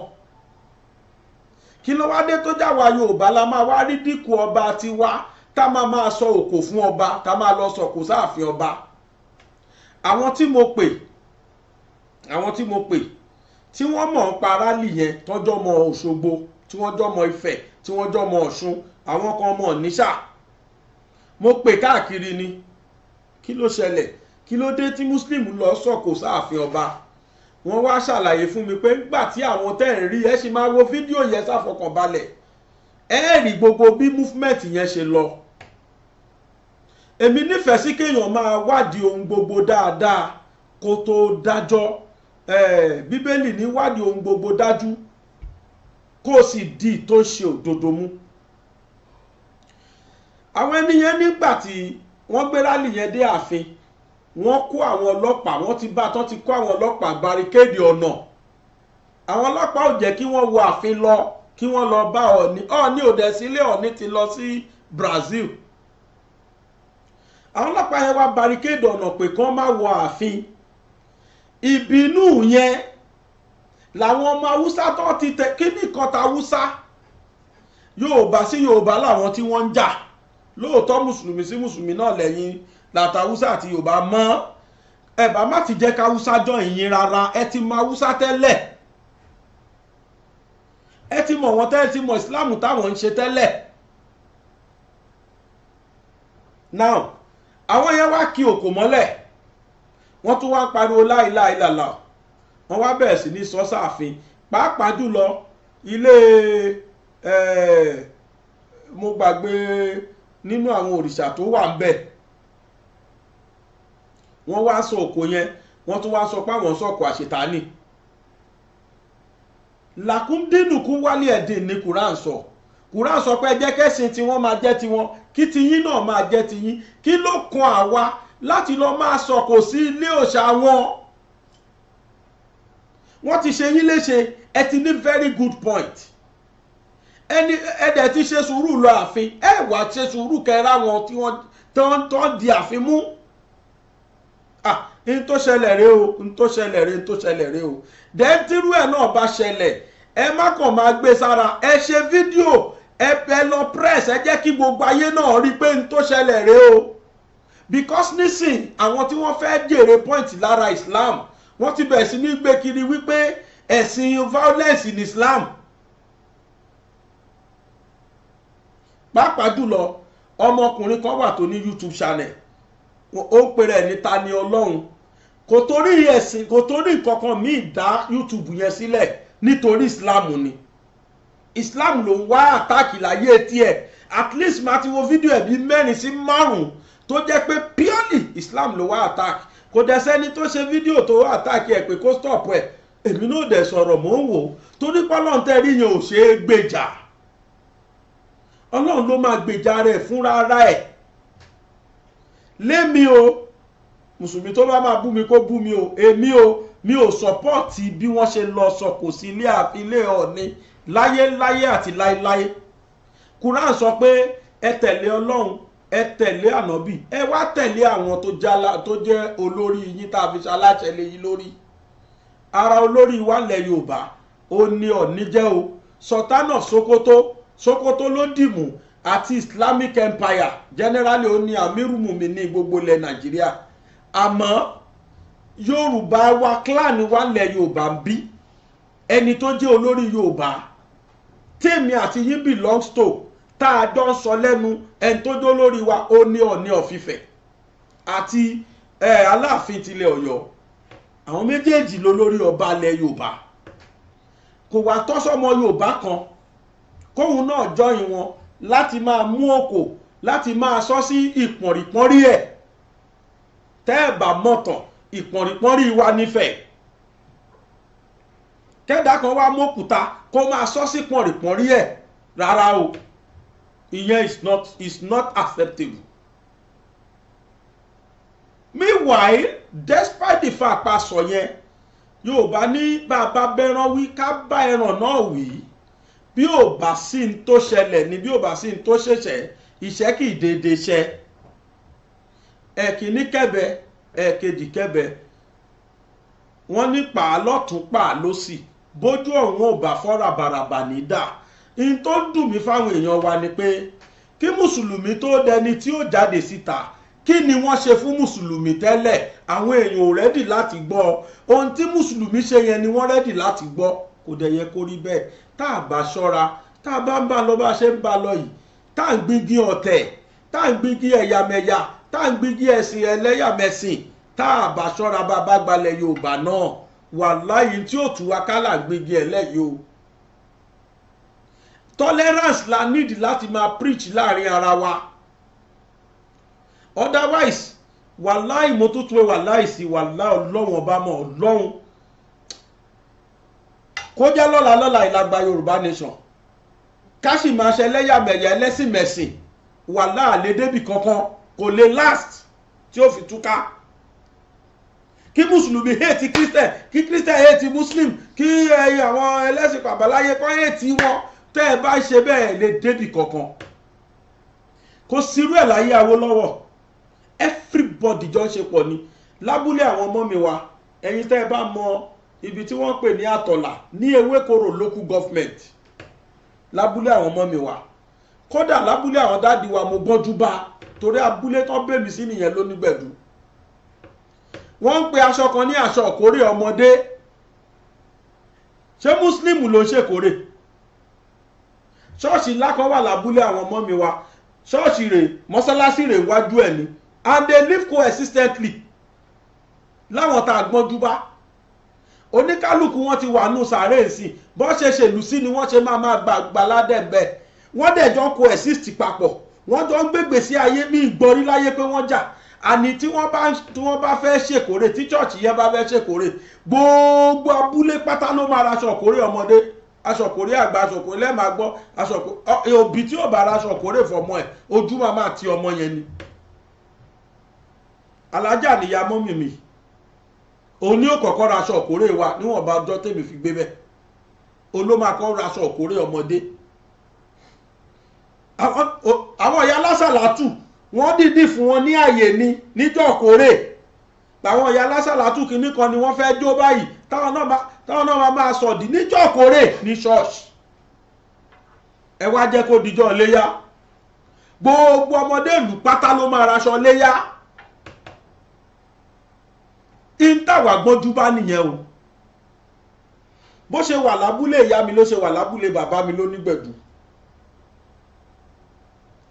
B: kí ló wá dé tó jáwa Yorùbá la máa wá rí dínkù ọba tiwa tá máa máa sọ òkò fún ọba tá máa lọ sọ òkò sáàfin ọba àwọn tí mo pè àwọn tí mo pè tí wọ́n mọ̀ ń pa rálì yẹn tọ́jọ́ mọ Òṣogbo tí wọ́n jọ́ mọ Ifẹ̀ tí wọ́n jọ́ mọ Ọ̀ṣun àwọn kan mọ̀ níṣà mo pè káàkiri ni kí ló ṣẹlẹ̀ kí ló dé tí muslim lọ sọ̀kò sáàfin ọba wọ́n wá ṣàlàyé fún mi pé nígbà tí àwọn tẹ́ ń rí ẹ ṣì máa wo fídíò yẹn sáfọkànbalẹ̀ ẹ rí gbogbo bí movement yẹn ṣe lọ èmi nífẹ̀ẹ́ sí kéèyàn máa wádìí ohun gbogbo dáadáa kó tó dájọ́ bíbélì ní wádìí ohun gbogbo dájú kó o sì di tó ń ṣe òdodo mú àwọn ẹni yẹn nígbà tí wọ́n gbé rálì yẹn dé ààfin wọ́n kó àwọn ọlọ́pàá wọ́n ti bá tán ti kó àwọn ọlọ́pàá barricade ọ̀nà àwọn ọlọ́pàá ò jẹ́ kí wọ́n wo ààfin lọ kí wọ́n lọ bá ọ̀ní ọ̀ní ò sílé ọ̀ní ti lọ sí Brazil àwọn ọlọ́pàá yẹn wá barricade ọ̀nà pé kán má wọ ààfin ìbínú yẹn làwọn ọmọ haúsá tó ti tẹ kíní kan ta haúsá Yorùbá sí Yorùbá làwọn tí wọ́n ń jà lóòótọ́ mùsùlùmí sí mùsùlùmí náà lẹ́yìn làtàwùsà àti yorùbá mọ́ ẹ bá má ti jẹ́ káwùsà jọ ìyìn rárá ẹ ti mọ haúsá tẹ́lẹ̀ ẹ ti mọ̀ wọ́n tẹ́lẹ̀ ti mọ̀ ìsìláàmù táwọn ń ṣe tẹ́lẹ̀ now àwọn yẹn wá kí òkò mọ́lẹ̀ wọ́n tún wá ń pariwo láìláì làlà wọ́n wá bẹ̀rẹ̀ sí ní sọ sáàfin pàápàá jùlọ ilé eh, mo gbàgbé nínú àwọn òrìṣà tó wà ń bẹ̀ wọ́n wá sọ òkò yẹn wọ́n tún wá sọ pé àwọn sọ̀kò àṣetánì làkúndínùkú wálé ẹ̀dín ní Quran sọ Quran sọ pé jẹ́ kẹ́sìn tí wọ́n máa jẹ́ tiwọn kí tiyín náà máa jẹ́ tiyín kí ló kan àwa láti lọ máa sọ̀kò sí ilé òòṣà wọn wọ́n ti ṣe yín léṣe ẹ ti ní very good point ẹni ẹdẹ ti ṣe sùúrù lọ ààfin ẹ wá ṣe sùúrù kẹra wọn tí wọ́n tán tán di ààfin mú ah n tó ṣẹlẹ̀ rèé o n tó ṣẹlẹ̀ rèé n tó ṣẹlẹ̀ rèé o dẹ́ntírú ẹ̀ náà bá ṣẹlẹ̀ ẹ má kàn máa gbé sára ẹ ṣe fídíò ẹ bẹ lọ press ẹ jẹ́ kí gbogbo ayé náà rí i pé n tó ṣẹlẹ̀ rèé o because nísìn àwọn tí wọ́n fẹ́ jèrè point lára Islam wọ́n ti bẹ̀rẹ̀ sí ní gbé kiri wípé ẹ̀sìn violence in Islam pàápàá jùlọ ọmọkùnrin kan wà tó ní YouTube channel ó ń pèrè ní ta ni ọlọ́run kò torí ẹ̀sìn kò torí kankan míì dá YouTube yẹn sílẹ̀ nítorí Islam ni Islam ló ń wá àtàkì láyé tiẹ̀ at least ma ti wo fídíò ẹ̀ bíi mẹ́rin sí márùn-ún tó jẹ́ pé purely Islam ló wá àtàkì kò dẹ̀ sẹ́ni tó ṣe fídíò tó wá àtàkì ẹ̀ pé kó stop ẹ̀ èmi náà dẹ̀ sọ̀rọ̀ mò ń wò ó torí pọ́lọ́n tẹ́rí yẹn ò ṣeé gbèjà ọlọ́run ló máa gbèjà rẹ̀ fúnra ara ẹ̀ lémi o mùsùlùmí tó bá máa bú mi kó bú mi o èmi o mi ò sọpọ́ọ̀tì bí wọ́n ṣe lọ sọkò sí ilé ọ̀ni láyéláyé àti láéláyé Quran sọ pé ẹ tẹ̀lé ọlọ́run ẹ tẹ̀lé ànábì ẹ wá tẹ̀lé àwọn tó jẹ́ olórí yín tá a fi ṣaláṣẹ lé lórí ara olórí wa lẹ̀ Yorùbá ó ní ọ̀ní jẹ́ o Sultan Sokoto Sokoto ló dìmú àti Islamic Empire generally ó ní amírùmùmí ní gbogbo ilẹ̀ Nàìjíríà àmọ́ Yorùbá wa clan wa lẹ̀ Yorùbá ń bí ẹni tó jẹ́ olórí Yorùbá tèmi àti yín belongs to tá a jọ ń sọ lẹ́nu ẹni tó jẹ́ olórí wa ó ní Ọọ̀ni of àti Aláàfin tilẹ̀ Ọ̀yọ́ àwọn méjèèjì ló lórí ọba ilẹ̀ Yorùbá kò wá tọ́sọ́mọ Yorùbá kan kóun náà jọyìn wọn láti máa mú òkò láti máa sọ sí ìpọ̀nrìpọ́nrí ẹ̀ tẹ́ ẹ̀ bá mọ̀tàn ìpọ̀nrìpọ́nrí wa nífẹ̀ẹ́ kẹ́dà kan wá mọ́kúta kó máa sọ sí pọ̀nrìpọ̀nrí ẹ̀ rárá o ìyẹn is not is not acceptable. meanwhile despite the fact pa sọ yẹn Yorùbá ní bàbá bẹran wí ká bá ẹran náà wí bí ò bá sí ní tó ṣẹlẹ̀ ni bí ò bá sí ní tó ṣẹ̀ṣẹ̀ ìṣẹ́ kì í déédéé ṣẹ ẹ̀kíní kẹ́bẹ ẹ̀kejì kẹ́bẹ wọ́n ní pàá lọ́tún bójú ọ̀hún ò bá fọ́ ràbàràbà ní dà in tó dùn mí fáwọn èèyàn wa ni pé kí mùsùlùmí tó dẹni tí ó jáde síta kí ni wọ́n ṣe fún mùsùlùmí tẹ́lẹ̀ àwọn èèyàn ò rẹ́dì láti gbọ́ ohun tí mùsùlùmí ṣe yẹn ni wọ́n rẹ́dì láti gbọ́ kò dẹ̀ yẹ kó rí bẹ́ẹ̀ tá a bá ṣọ́ra tá a bá ń bá lọ bá a ṣe ń bá lọ yìí tá à ń gbígi ọ̀tẹ̀ tá à ń gbígi ẹ̀yàmẹ̀yà tá à ń gbígi ẹ̀sìn ẹlẹ́yàmẹ̀sìn tá a bá ṣọ́ra bá a bá gbalẹ̀ Yorùbá náà wàláyé tí ó tù wá kálà gbígi ẹlẹ́yìí o tolerance la need láti máa preach láàrin ara wa otherwise wàláì mo tún tún wàláì sí wàláì ọlọ́wọ̀n ọba mọ̀ ọlọ́run kó jẹ́ lọ́la lọ́la ìlàgbà yorùbá nation ká sì máa ṣe ẹlẹ́yàmẹ̀yà ẹlẹ́sìnmẹ̀sìn wà láàlẹ́ débì kankan kò lè last tí ó fi túká kí mùsùlùmí hate christian kí christian hate muslim kí àwọn ẹlẹ́sìn pàbáláyé kan hate wọn tẹ́ ẹ bá ṣe bẹ́ẹ̀ lè débì kankan kò sírú ẹ̀ láyé Awólọ́wọ̀ everybody jọ ń ṣe pọ̀ ni lábúlé àwọn ọmọ mi wa ẹ̀yin tẹ́ ẹ bá mọ ibi tí wọ́n pè ní àtọ̀là ní ewékorò local government lábúlé àwọn ọmọ mi wà kódà lábúlé àwọn dáàdi wa mo gbọ́njú bá torí abúlé tán bèmí sí nìyẹn lónígbẹ̀dú wọ́n ń pe aṣọ kan ní aṣọ ìkórè ọmọdé ṣé muslim ló ń ṣèkórè ṣọ́ọ̀ṣì ńlá kan wà lábúlé àwọn ọmọ mi wa ṣọ́ọ̀ṣì rẹ̀ mọ́sálásí rẹ̀ wájú ẹ̀ ni and they live coexistently láwọn tá a gbọ́njú bá oníkálukú wọn ti wà nù sàárè sí bó ṣe ṣèlú sí ni wọ́n ṣe máa máa gbà gbaládẹ̀ bẹ́ẹ̀ wọ́n dẹ̀ jọ kó exist papọ̀ wọ́n jọ ń gbégbè sí ayé mí gbọ́rí láyé pé wọ́n jà àní tí wọ́n bá tí wọ́n bá fẹ́ ṣèkórè tí chọ́ọ̀chì yẹn bá fẹ́ ṣèkórè gbogbo abúlé pátá ló máa ra aṣọkórè ọmọdé aṣọkórè àgbà aṣọkórè lẹ́ẹ̀ma gbọ́ aṣọkórè òbí tí ò bá ra aṣọkórè fọmọ ẹ̀ ojú máa máa ti ọmọ yẹn ni alájà nìyá mọ́mìmì òun ní òkọ̀kọ́ ra aṣọ òkórè wa níwọ̀nba ọjọ́ tèmi fi gbé bẹ́ẹ̀ olómakọ́ ra aṣọ òkórè ọmọdé àwọn ìyá lásàlátù wọ́n dìdí fún wọn ní àyè ni níjọ́ òkórè àwọn ìyá lásàlátù kìíní kan ni wọ́n fẹ́ẹ́ jó báyìí táwọn náà máa máa sọ̀dí níjọ́ òkórè ní ṣọ́ọ̀ṣì ẹ wá jẹ́ kó dijọ́ léyà gbogbo ọmọdé ìlú pátá ló máa raṣọ léyà ìntàwà gbọ́njú bá nìyẹn o bó ṣe wà lábúlé ìyá mi ló ṣe wà lábúlé bàbá mi ló nígbẹ̀dù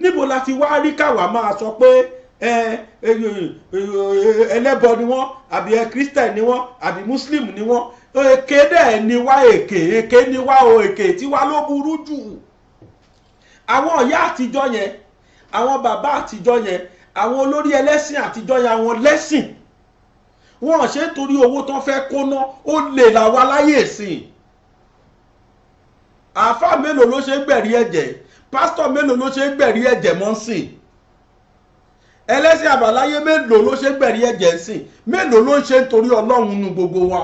B: níbo la ti wá rí káwa máa sọ pé ẹlẹ́bọ ni wọ́n àbí ẹ kírísítẹ̀ ni wọ́n àbí muslim ni wọ́n èké dẹ̀ ni wá èké èké ni wá o èké tiwa ló burú jù àwọn ọ̀yá àtijọ́ yẹn àwọn bàbá àtijọ́ yẹn àwọn olórí ẹlẹ́sìn àtijọ́ yẹn àwọn lẹ́sìn wọn ṣe torí owó tán fẹ́ kóná ó lè làwa láyè sí i àáfàá mélòó ló ṣe ń gbẹ̀rí ẹ̀jẹ̀ pásítọ̀ mélòó ló ṣe ń gbẹ̀rí ẹ̀jẹ̀ mọ́ sí i ẹlẹ́sìn àbáláyé mélòó ló ṣe ń gbẹ̀rí ẹ̀jẹ̀ sí i mélòó ló ń ṣe nítorí ọlọ́run nu gbogbo wa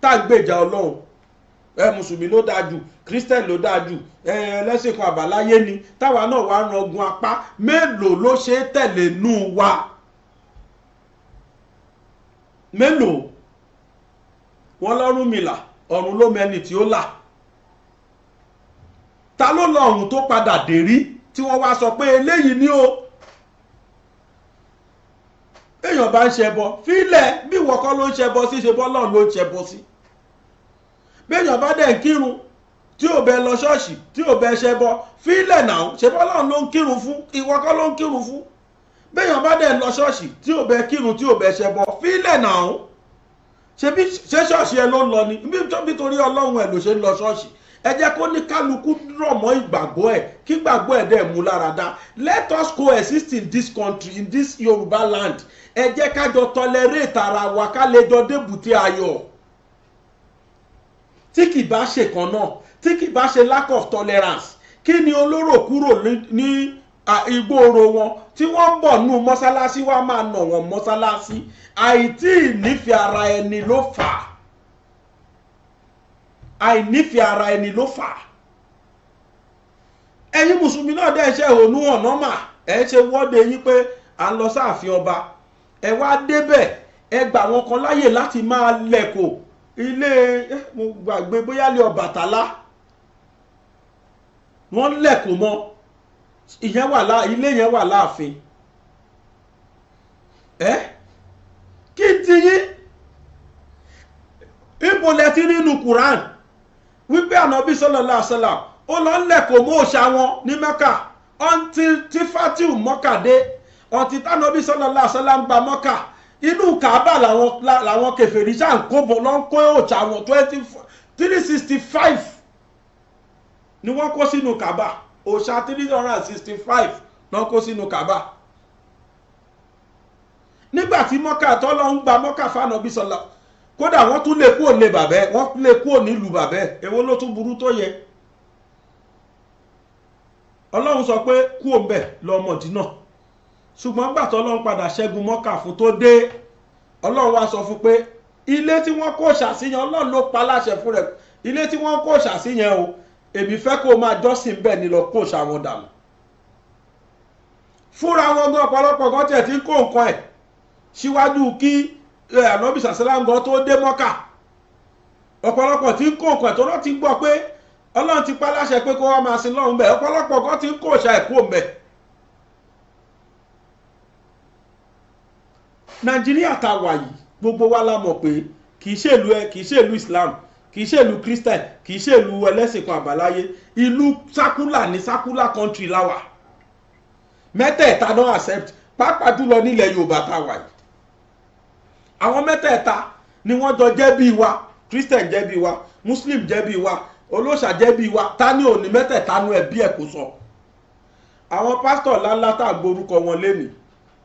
B: tá a gbèjà ọlọ́run ẹ mùsùlùmí ló dáa jù christian ló dáa jù ẹ ẹlẹ́sìn kan àbáláyé ni táwa náà wàá rangun apá mélòó ló ṣe tẹ̀lé nù wa mélòó wọ́n lọ́rùn mi là ọ̀run ló mẹ́ni tí ó là ta ló lọ ọ̀run tó padà dé rí tí wọ́n wá sọ pé eléyìí ni o èèyàn bá ń ṣẹbọ fílẹ̀ bí ìwọ kọ́ ló ń ṣẹbọ sí ṣe bọ́lọ̀ ló ń ṣẹbọ sí béèyàn bá dẹ̀ ń kírun tí ò bẹ lọ ṣọ́ọ̀ṣì tí ò bẹ ṣẹbọ fílẹ̀ náà ṣe bọ́lọ̀ ló ń kírun fún ìwọ kọ́ ló ń kírun fún béèyàn bá dẹ̀ lọ ṣọ́ọ̀ṣì tí ò bẹ kírun tí ò bẹ ṣẹbọ fílẹ̀ náà ṣebí ṣé ṣọ́ọ̀ṣì ẹ ló ń lọ ni nítorí ọlọ́run ẹ ló ṣe ń lọ ṣọ́ọ̀ṣì ẹ jẹ́ kó ní kálukú rọ̀ mọ́ ìgbàgbọ́ ẹ̀ kí gbàgbọ́ ẹ̀ dẹ̀ mú láradá let us coexist in this country in this Yorùbá land ẹ jẹ́ kájọ tolerate ara wa ká lè jọ débùté ayọ̀ tí kì bá ṣe kan náà tí kì bá ṣe lack of tolerance kí ni olóró kúrò ní ìgboro wọn tí wọ́n ń bọ̀ nù mọ́sálásí wá máa nà wọ́n mọ́sálásí àìtí ìnífẹ̀ẹ́ ara ẹni ló fà á àìnífẹ̀ẹ́ ara ẹni ló fà á ẹ̀yin mùsùlùmí náà dẹ́ ṣe ònú hàn nọ́mà ẹ ṣe wọ́de yín pé à ń lọ sáàfin ọba ẹ wá débẹ̀ ẹ gbà wọn kan láyè láti máa lẹ̀kọ̀ ilé mo gbàgbé bóyá lè Ọbàtálá wọ́n lẹ̀kọ̀ mọ́ ìyẹn wà lá ilé yẹn wà láàfin ẹ kí n ti yín ibo lẹ ti nínú Quran wípé ànábì sọlọlá àṣọlá ó lọ ń lẹ̀kọ̀ mọ́ òòṣà wọn ní Mẹ́kà until tí fatiu mọ́kà dé until tànábì sọlọlá àṣọlá ń gba Mọ́kà inú Kaaba làwọn kèfèrí ṣáà ń kó bọ̀ lọ́n kó òòṣà wọn twenty three sixty five ni wọ́n kó sínú Kaaba òòṣà three hundred and sixty five náà kó sínú kaba nígbà tí mọ́kà tọ́lọ́ ń gba mọ́kà fànàbí sọ̀lá kódà wọ́n tún lè kúrò lè bàbẹ́ wọ́n lè kúrò nílùú bàbẹ́ èwo ló tún burú tó yẹ ọlọ́run sọ pé kú òǹbẹ̀ lọ́mọdé náà ṣùgbọ́n gbà tọ́lọ́run padà ṣẹ́gun mọ́kà fún tó dé ọlọ́run wá sọ fún pé ilé tí wọ́n kó ṣàṣeyàn ọlọ́run ló pa láṣẹ fún rẹ̀ ilé tí wọ́n kó ṣàṣeyàn o èmi fẹ́ kó o máa jọ́sìn bẹ́ẹ̀ ni lọ kó ṣàwọn dànù fúnra wọn gan ọ̀pọ̀lọpọ̀ gan tiẹ̀ ti ń kó nǹkan ẹ̀ síwájú kí ànábì sàṣẹ́lám gan tó dé mọ́kà ọ̀pọ̀lọpọ̀ ti ń kó nǹkan ẹ̀ tó ti gbọ́ pé ọlọ́run ti pa láṣẹ pé kó wá máa sin ọ̀pọ̀lọpọ̀ gan ti ń kó ẹ̀ mbẹ̀. ta gbogbo wa la mọ̀ pé kì í ṣèlú islam kì í ṣèlú christian kì í ṣèlú ẹlẹ́sìn kan àbáláyé ìlú sákúlà ní sákúlà country láwà mẹ́tẹ̀ẹ̀ta don accept pàápàá jùlọ nílẹ̀ yorùbá tá a wà yìí àwọn mẹ́tẹ̀ẹ̀ta ni wọ́n jọ jẹ́ bíi wa christian jẹ́ bíi wa muslim jẹ́ bíi wa olóṣà jẹ́ bíi wa ta ni òní mẹ́tẹ̀ẹ̀ta nu ẹ̀bí ẹ̀ kò sọ àwọn pásítọ̀ láńlá tá a gborúkọ wọn lénìí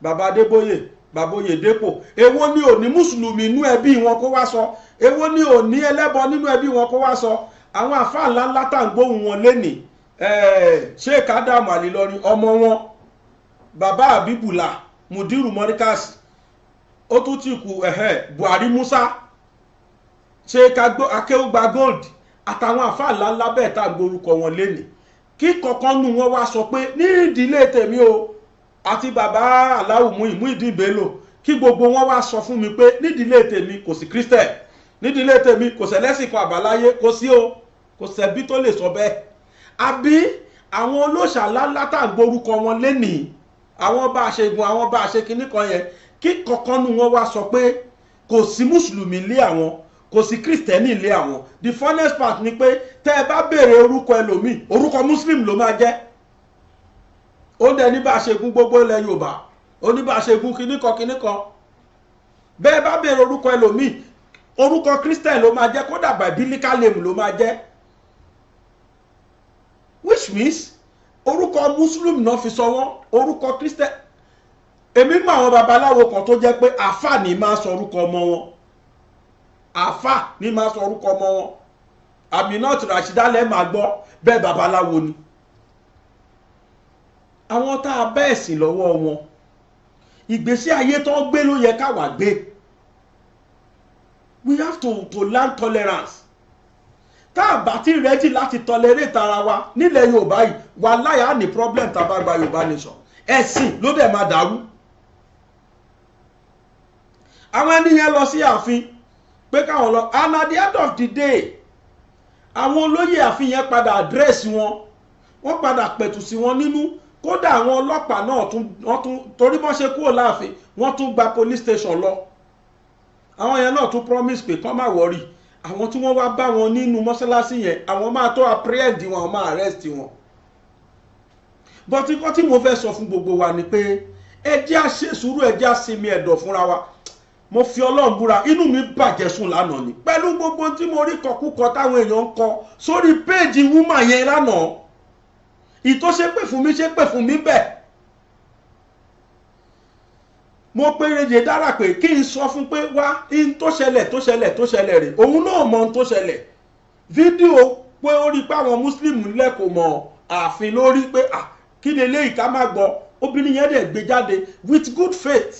B: bàbá adébóyè bàbá Oyèdépò èwo ni ò ní mùsùlùmí nínú ẹbí wọn kó wá sọ èwo ni ò ní ẹlẹ́bọ nínú ẹbí wọn kó wá sọ àwọn àfáà ńláńlá tá à ń gbóhùn wọn lénìí Sheikh Adamu Alilori ọmọ wọn bàbá Abibula Mudiru Morikasi ó tún ti kù Buhari Musa Sheikh Akeugba Gold àtàwọn àfáà ńláńlá bẹ́ẹ̀ tá à ń gbórúkọ wọn lénìí kí kọ̀ọ̀kan nu wọn wá sọ pé ní ìdílé tèmi o àti bàbá aláwù Muyideen Bello kí gbogbo wọn wá sọ fún mi pé nídìílé tèmi kò sí kristẹ nídìílé tèmi kò sẹlẹ́sìn kan àbáláyé kò sí o kò sẹ́bí tó lè sọ bẹ́ẹ̀ àbí àwọn olóṣà lálátà gborúkọ wọn lénìí àwọn bá a ṣe gun àwọn bá a ṣe kinní kan yẹn kí kankan nu wọn wá sọ pé kò sí mùsùlùmí lé àwọn kò sí kristẹni lé àwọn the funnest part ni pé tẹ́ ẹ bá béèrè orúkọ ẹlòmíì orúkọ muslim ló máa jẹ́ ó dẹ̀ ní bá a ṣe gún gbogbo ilẹ̀ yorùbá ó ní bá a ṣe gún kinní kan kinní bẹ́ẹ̀ bá béèrè orúkọ ẹlòmíì orúkọ christian ló máa jẹ́ kódà biblical name ló máa jẹ́ which means orúkọ muslim náà fi sọ wọ́n orúkọ christian èmi mọ àwọn babaláwo kan tó jẹ́ pé àfà ni máa sọ orúkọ ọmọ wọn àfà ni máa sọ orúkọ ọmọ wọn Aminat Rashida lẹ́ẹ̀ máa gbọ́ bẹ́ẹ̀ babaláwo ni àwọn tá a bá ẹ̀sìn lọ́wọ́ wọn ìgbésí ayé tó gbé ló yẹ káwa gbé we have to to learn tolerance tá a bá ti rẹ́jì láti tolerate ara wa nílẹ̀ yorùbá yìí wà láyà ní problem tá a bá gba yorùbá nation ẹ̀sìn ló dẹ̀ máa dàrú àwọn ẹni yẹn lọ sí ààfin pé káwọn lọ and at the end of the day àwọn olóyè ààfin yẹn padà àdírẹ́sì wọn wọ́n padà pẹ̀tù sí wọn nínú kódà àwọn ọlọ́pàá náà wọ́n tún torí bọ́n ṣe kúrò láàfin wọ́n tún gba police station lọ àwọn yẹn náà tún promise pé kán má wọrí àwọn tí wọ́n wá bá wọn nínú mọ́ṣáláṣí yẹn àwọn máa tó apprehend wọn àwọn máa arrest wọn but nǹkan tí mo fẹ́ sọ fún gbogbo wa ni pé ẹ jẹ́ á ṣe sùúrù ẹ jẹ́ á sinmi ẹ̀dọ̀ fúnra wa mo fi ọlọ́run búra inú mi bàjẹ́ sùn lánàá ni pẹ̀lú gbogbo tí mo rí kọkúkọ táwọn èèyàn ń kọ sórí péèjì wúmà yẹn lánàá ìtò ṣe pè fún mi ṣe pè fún mi bẹ́ẹ̀ mo pe Rèjè Dára pé kí n sọ fún pé wá in tó ṣẹlẹ̀ tó ṣẹlẹ̀ tó ṣẹlẹ̀ rè òun náà mọ ohun tó ṣẹlẹ̀ fídíò pé ó rí pé àwọn muslim nílẹ̀ kò mọ̀ ààfin ló rí pé à kí lè lé ìka má gbọ́ obìnrin yẹn dẹ̀ gbé jáde with good faith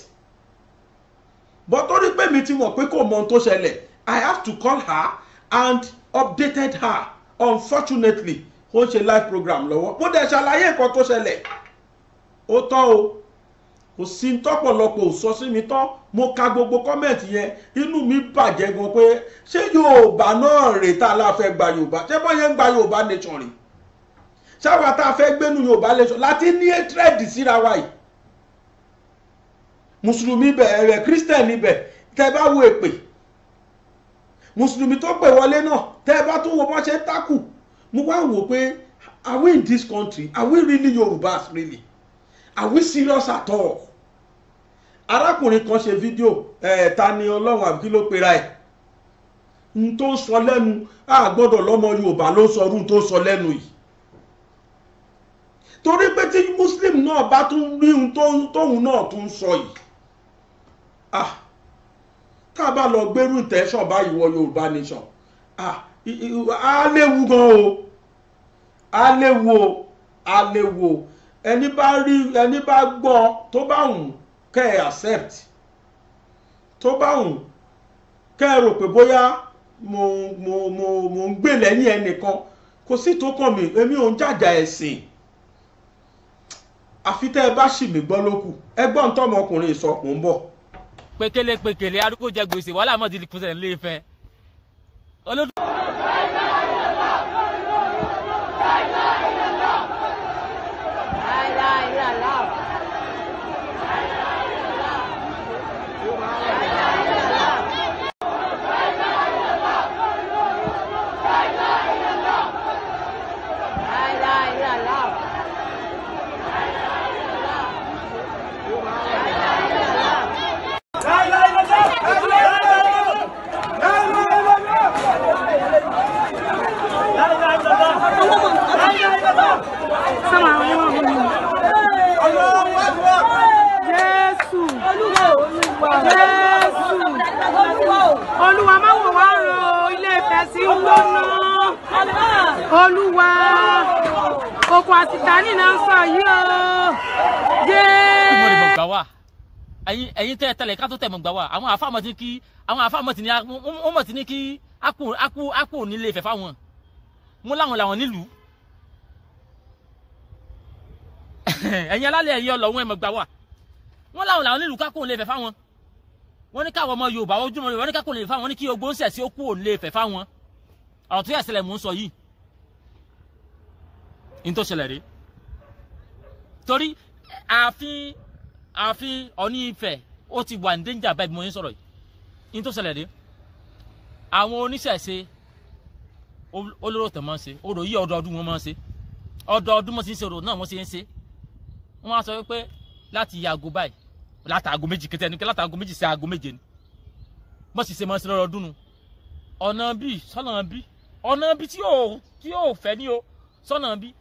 B: but ó rí pé mi ti mọ̀ pé kò mọ ohun tó ṣẹlẹ̀ I have to call her and updated her unfortunately ó ń ṣe live program lọ́wọ́ bó dẹ̀ ṣàlàyé nǹkan tó ṣẹlẹ̀ ó tán o kò sí tọ́pọ̀lọpọ̀ sọ sí mi tán mo ka gbogbo kọ́mẹ̀ntì yẹn inú mi bàjẹ́ gan pé ṣé Yorùbá náà rè tá a la fẹ́ gba Yorùbá ṣé bọ́ yẹn ń gba Yorùbá nation rè ṣáwa tá a fẹ́ gbénu Yorùbá nation láti ní ẹ́tírẹ́dì síra wa yìí mùsùlùmí bẹ̀ ẹ̀rẹ̀ kírísítẹ̀nì bẹ̀ tẹ́ bá wo èpè mùsùlùmí tó pè wọlé náà tẹ́ bá tún wo bọ́n ṣe ń takù mo wá wò pé are we in this country are we really yorùbás really are we serious at all arákùnrin kan ṣe fídíò ẹ̀ eh, ta ni ọlọ́run àbí kí ló pera ẹ̀ n tó ń sọ lẹ́nu a gbọ́dọ̀ lọ́mọ yorùbá ló sọ ọdún tó sọ lẹ́nu yìí torí pé tí muslim náà bá tún rí ohun tóun náà tún sọ yìí ah tá a bá lọ gbẹ́rù ìtẹ́sọ̀ báyìí wọ yorùbá nation ah á léwu gan o á léwu o á léwu o ẹni bá rí ẹni bá gbọ́ tó bá wùn kẹ́ ẹ accept tó bá wùn kẹ́ ẹ rò pé bóyá mo mo mo mo ń gbè lẹ́yìn ẹnìkan kò sí tó kàn mí èmi ò ń jàjà ẹ̀sìn àfi tẹ́ ẹ bá ṣì mí gbọ́ lókù ẹgbọ́n tọmọkùnrin sọ mò ń bọ̀.
D: pékélépékélé arúgbó jẹ gbèsè wàhálà mọ́ ti kùsẹ̀ ńlẹ́ olódò. tẹ́lẹ̀ tẹ́lẹ̀ ká tó tẹ̀ mọ̀ gbà wá àwọn àfáàmọ̀ ti kí àwọn àfáàmọ̀ ti ní wọ́n mọ̀ ti ní kí ápò nílé ìfẹ́ fáwọn mú láwọn làwọn nílùú ẹ̀yin alálẹ̀ ẹ̀yin ọlọ́run ẹ̀ mọ̀ gbà wá wọ́n láwọn làwọn nílùú kákò nílé ìfẹ́ fáwọn wọ́n ní káwọn ọmọ Yorùbá ojúmọ́ Yorùbá ní kákò nílé ìfẹ́ fáwọn ní kí ogbó ń sẹ̀ sí ókú òun lè fẹ́ fáwọn ọ̀rọ̀ tó yà sílẹ̀ mò ń sọ yìí ní tó ṣẹlẹ̀ rèé torí ààfin ààfin Ọọ̀ni ó ti wà ní danger báyìí mo ń sọ̀rọ̀ yìí ní tó ṣẹlẹ̀ dé àwọn oníṣẹ̀ṣe olóró tẹ̀ máa ń ṣe orò yìí ọdọọdún wọn máa ń ṣe ọdọọdún wọn ti ń ṣe orò náà wọn ti ń ṣe wọn á sọ pé láti yẹ aago báyìí láti aago méjì kẹtẹ ẹni pé láti aago méjì sí aago méje ni bọ́n sì ṣe máa ń ṣe lọ́dọọdún nu ọ̀nà bíi sọ́nà bíi ọ̀nà bíi tí yóò tí yóò fẹ́ ní o sọ́nà bíi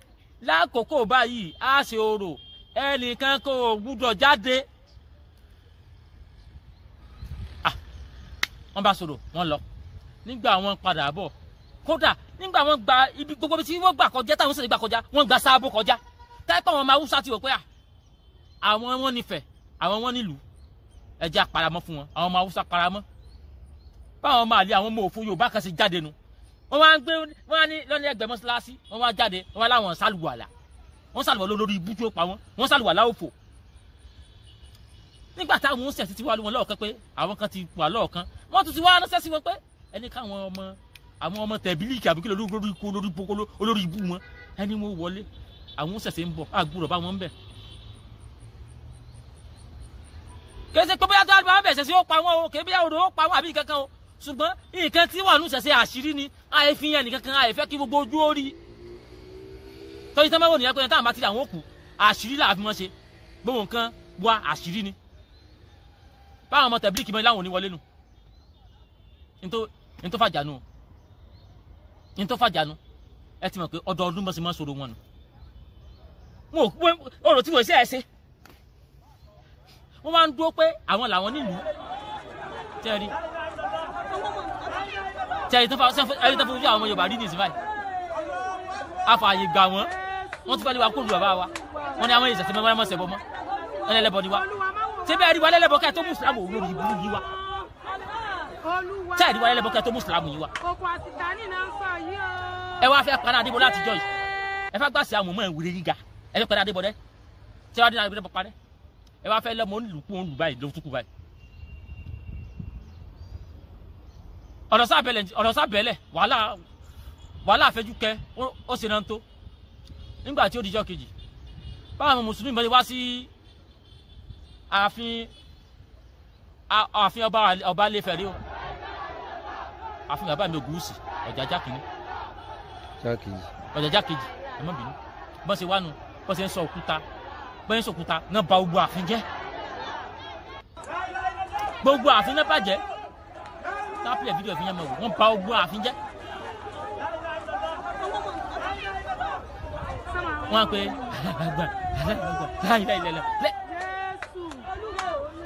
D: lákòókò báyìí á ṣe orò ẹnìkan kò gbúdọ̀ jáde wọ́n bá sọ̀rọ̀ wọ́n lọ nígbà wọ́n padà bọ̀ kódà nígbà wọ́n gba ibi gbogbo tí wọ́n gbà kọjá táwọn sọ̀rọ̀ gbà kọjá wọ́n gba sáàbò kọjá táìpọ̀ wọn máa wúṣà ti wò pé à àwọn wọn nífẹ̀ẹ́ àwọn wọn nílùú ẹ̀jẹ̀ àparamọ́ fún wọn àwọn máa wúṣà paramọ́ báwọn máa lé àwọn ọmọ òfin Yorùbá kan sì jáde nu wọ́n wá ń gbé wọ́n wá ní lọ́ní ẹgbẹ́ mọ́ṣáláṣí wọ́n wá jáde wọ́n wá láwọn sálùwàlà wọ́n sálùwàlà olórí ibú pa wọ́n wọ́n sálùwàlà òfò nígbà táwọn ń sẹ̀sì ti wá lù wọn lọ́ọ̀kan pé àwọn kan ti wà lọ́ọ̀kan wọ́n tún ti wá ránṣẹ́ sí wọn pé ẹni káwọn ọmọ àwọn ọmọ tẹ̀bílíkì àbíkí lórí ikú olórí ibú olórí ibú wọn ẹni wọn wọlé àwọn sẹ̀sẹ̀ ń bọ̀ àgbúrò bá wọn ń bẹ̀. kèsì pé bóyá tó àgbà wọn bẹ̀ sẹ̀sẹ̀ ó pa wọn o kèbí àwòrán ó pa wọn àbí kankan o ṣùgbọ́n nǹkan tí wà nù sẹ̀sẹ̀ àṣírí ni àìfihàn nìkankan àìfẹ́ kí gbogbo ojú ó rí tọ́jú tán bá wò nìyẹn pé táwọn bá ti àwọn òkú àṣírí làá fi wọn ṣe gbogbo nǹkan wa àṣírí ni báwọn ọmọ tẹ̀blíkì mọ́ láwọn oníwọlé nù ní tó fàjà nù ní tó fàjà nù ẹ ti mọ̀ pé ọdọọdún bọ́sẹ̀ máa sọ̀rọ̀ wọn nù wọn ò ọ̀rọ̀ tí wọ́n ṣe ẹ̀ ṣe wọ́n máa ń dúró pé àwọn làwọn nílùú tẹ́rí tẹ́rí tó fọ́ ojú àwọn Yorùbá rí nìsí báyìí àfààyè gbà wọ́n wọ́n ti fẹ́ lé wa kó lu bàbá wa wọ́n ní àwọn èèyàn ṣẹ̀ṣẹ̀ mọ́ ẹlẹ́bọ ni wa ṣé bẹ́ẹ̀ rí wa lẹ́lẹ́bọ̀ kẹ́ tó mùsùlùmù òun lórí burú yìí wa ṣé rí wa lẹ́lẹ́bọ̀ kẹ́ tó mùsùlùmù yìí wa. òkú àtìgbàní náà ń sọ yìí o. ẹ wá fẹ́ padà adébọ̀lá àtijọ́ yìí ẹ fẹ́ gbàsí àwọn ọmọ ìwúre yíga ẹ fẹ́ padà adébọ̀dẹ́ ṣé wàá dín adébọ̀dẹ́ parẹ́ ẹ wá fẹ́ lọ́mọ olùkú olù báyìí lótúkú báyìí. ọ̀rọ̀ sábẹ̀lẹ̀ wàhálà àfẹ́jú kẹ́ ó ṣe náà tó nígbà tí ó dijọ́ kejì báwọn mùsùlùmí bá wá sí ààfin ààfin ọba ọba lẹfẹ rí o ààfin bàbá mi ògúnwùsì ọ̀jájá kìíní ọ̀jájá kejì ẹ má bínú bọ́n ṣe wánu bọ́n ṣe ń sọ òkúta bọ́n ṣe ń sọ òkúta náà ba gbogbo ààfin jẹ́ gbogbo ààfin náà bàjẹ́ tápìlẹ̀ fídíò ìfìyàn mọ̀ wọ́n ba gbogbo ààfin jẹ́ wọ́n á pe alágbàgbà láyé láyé lẹ́lẹ́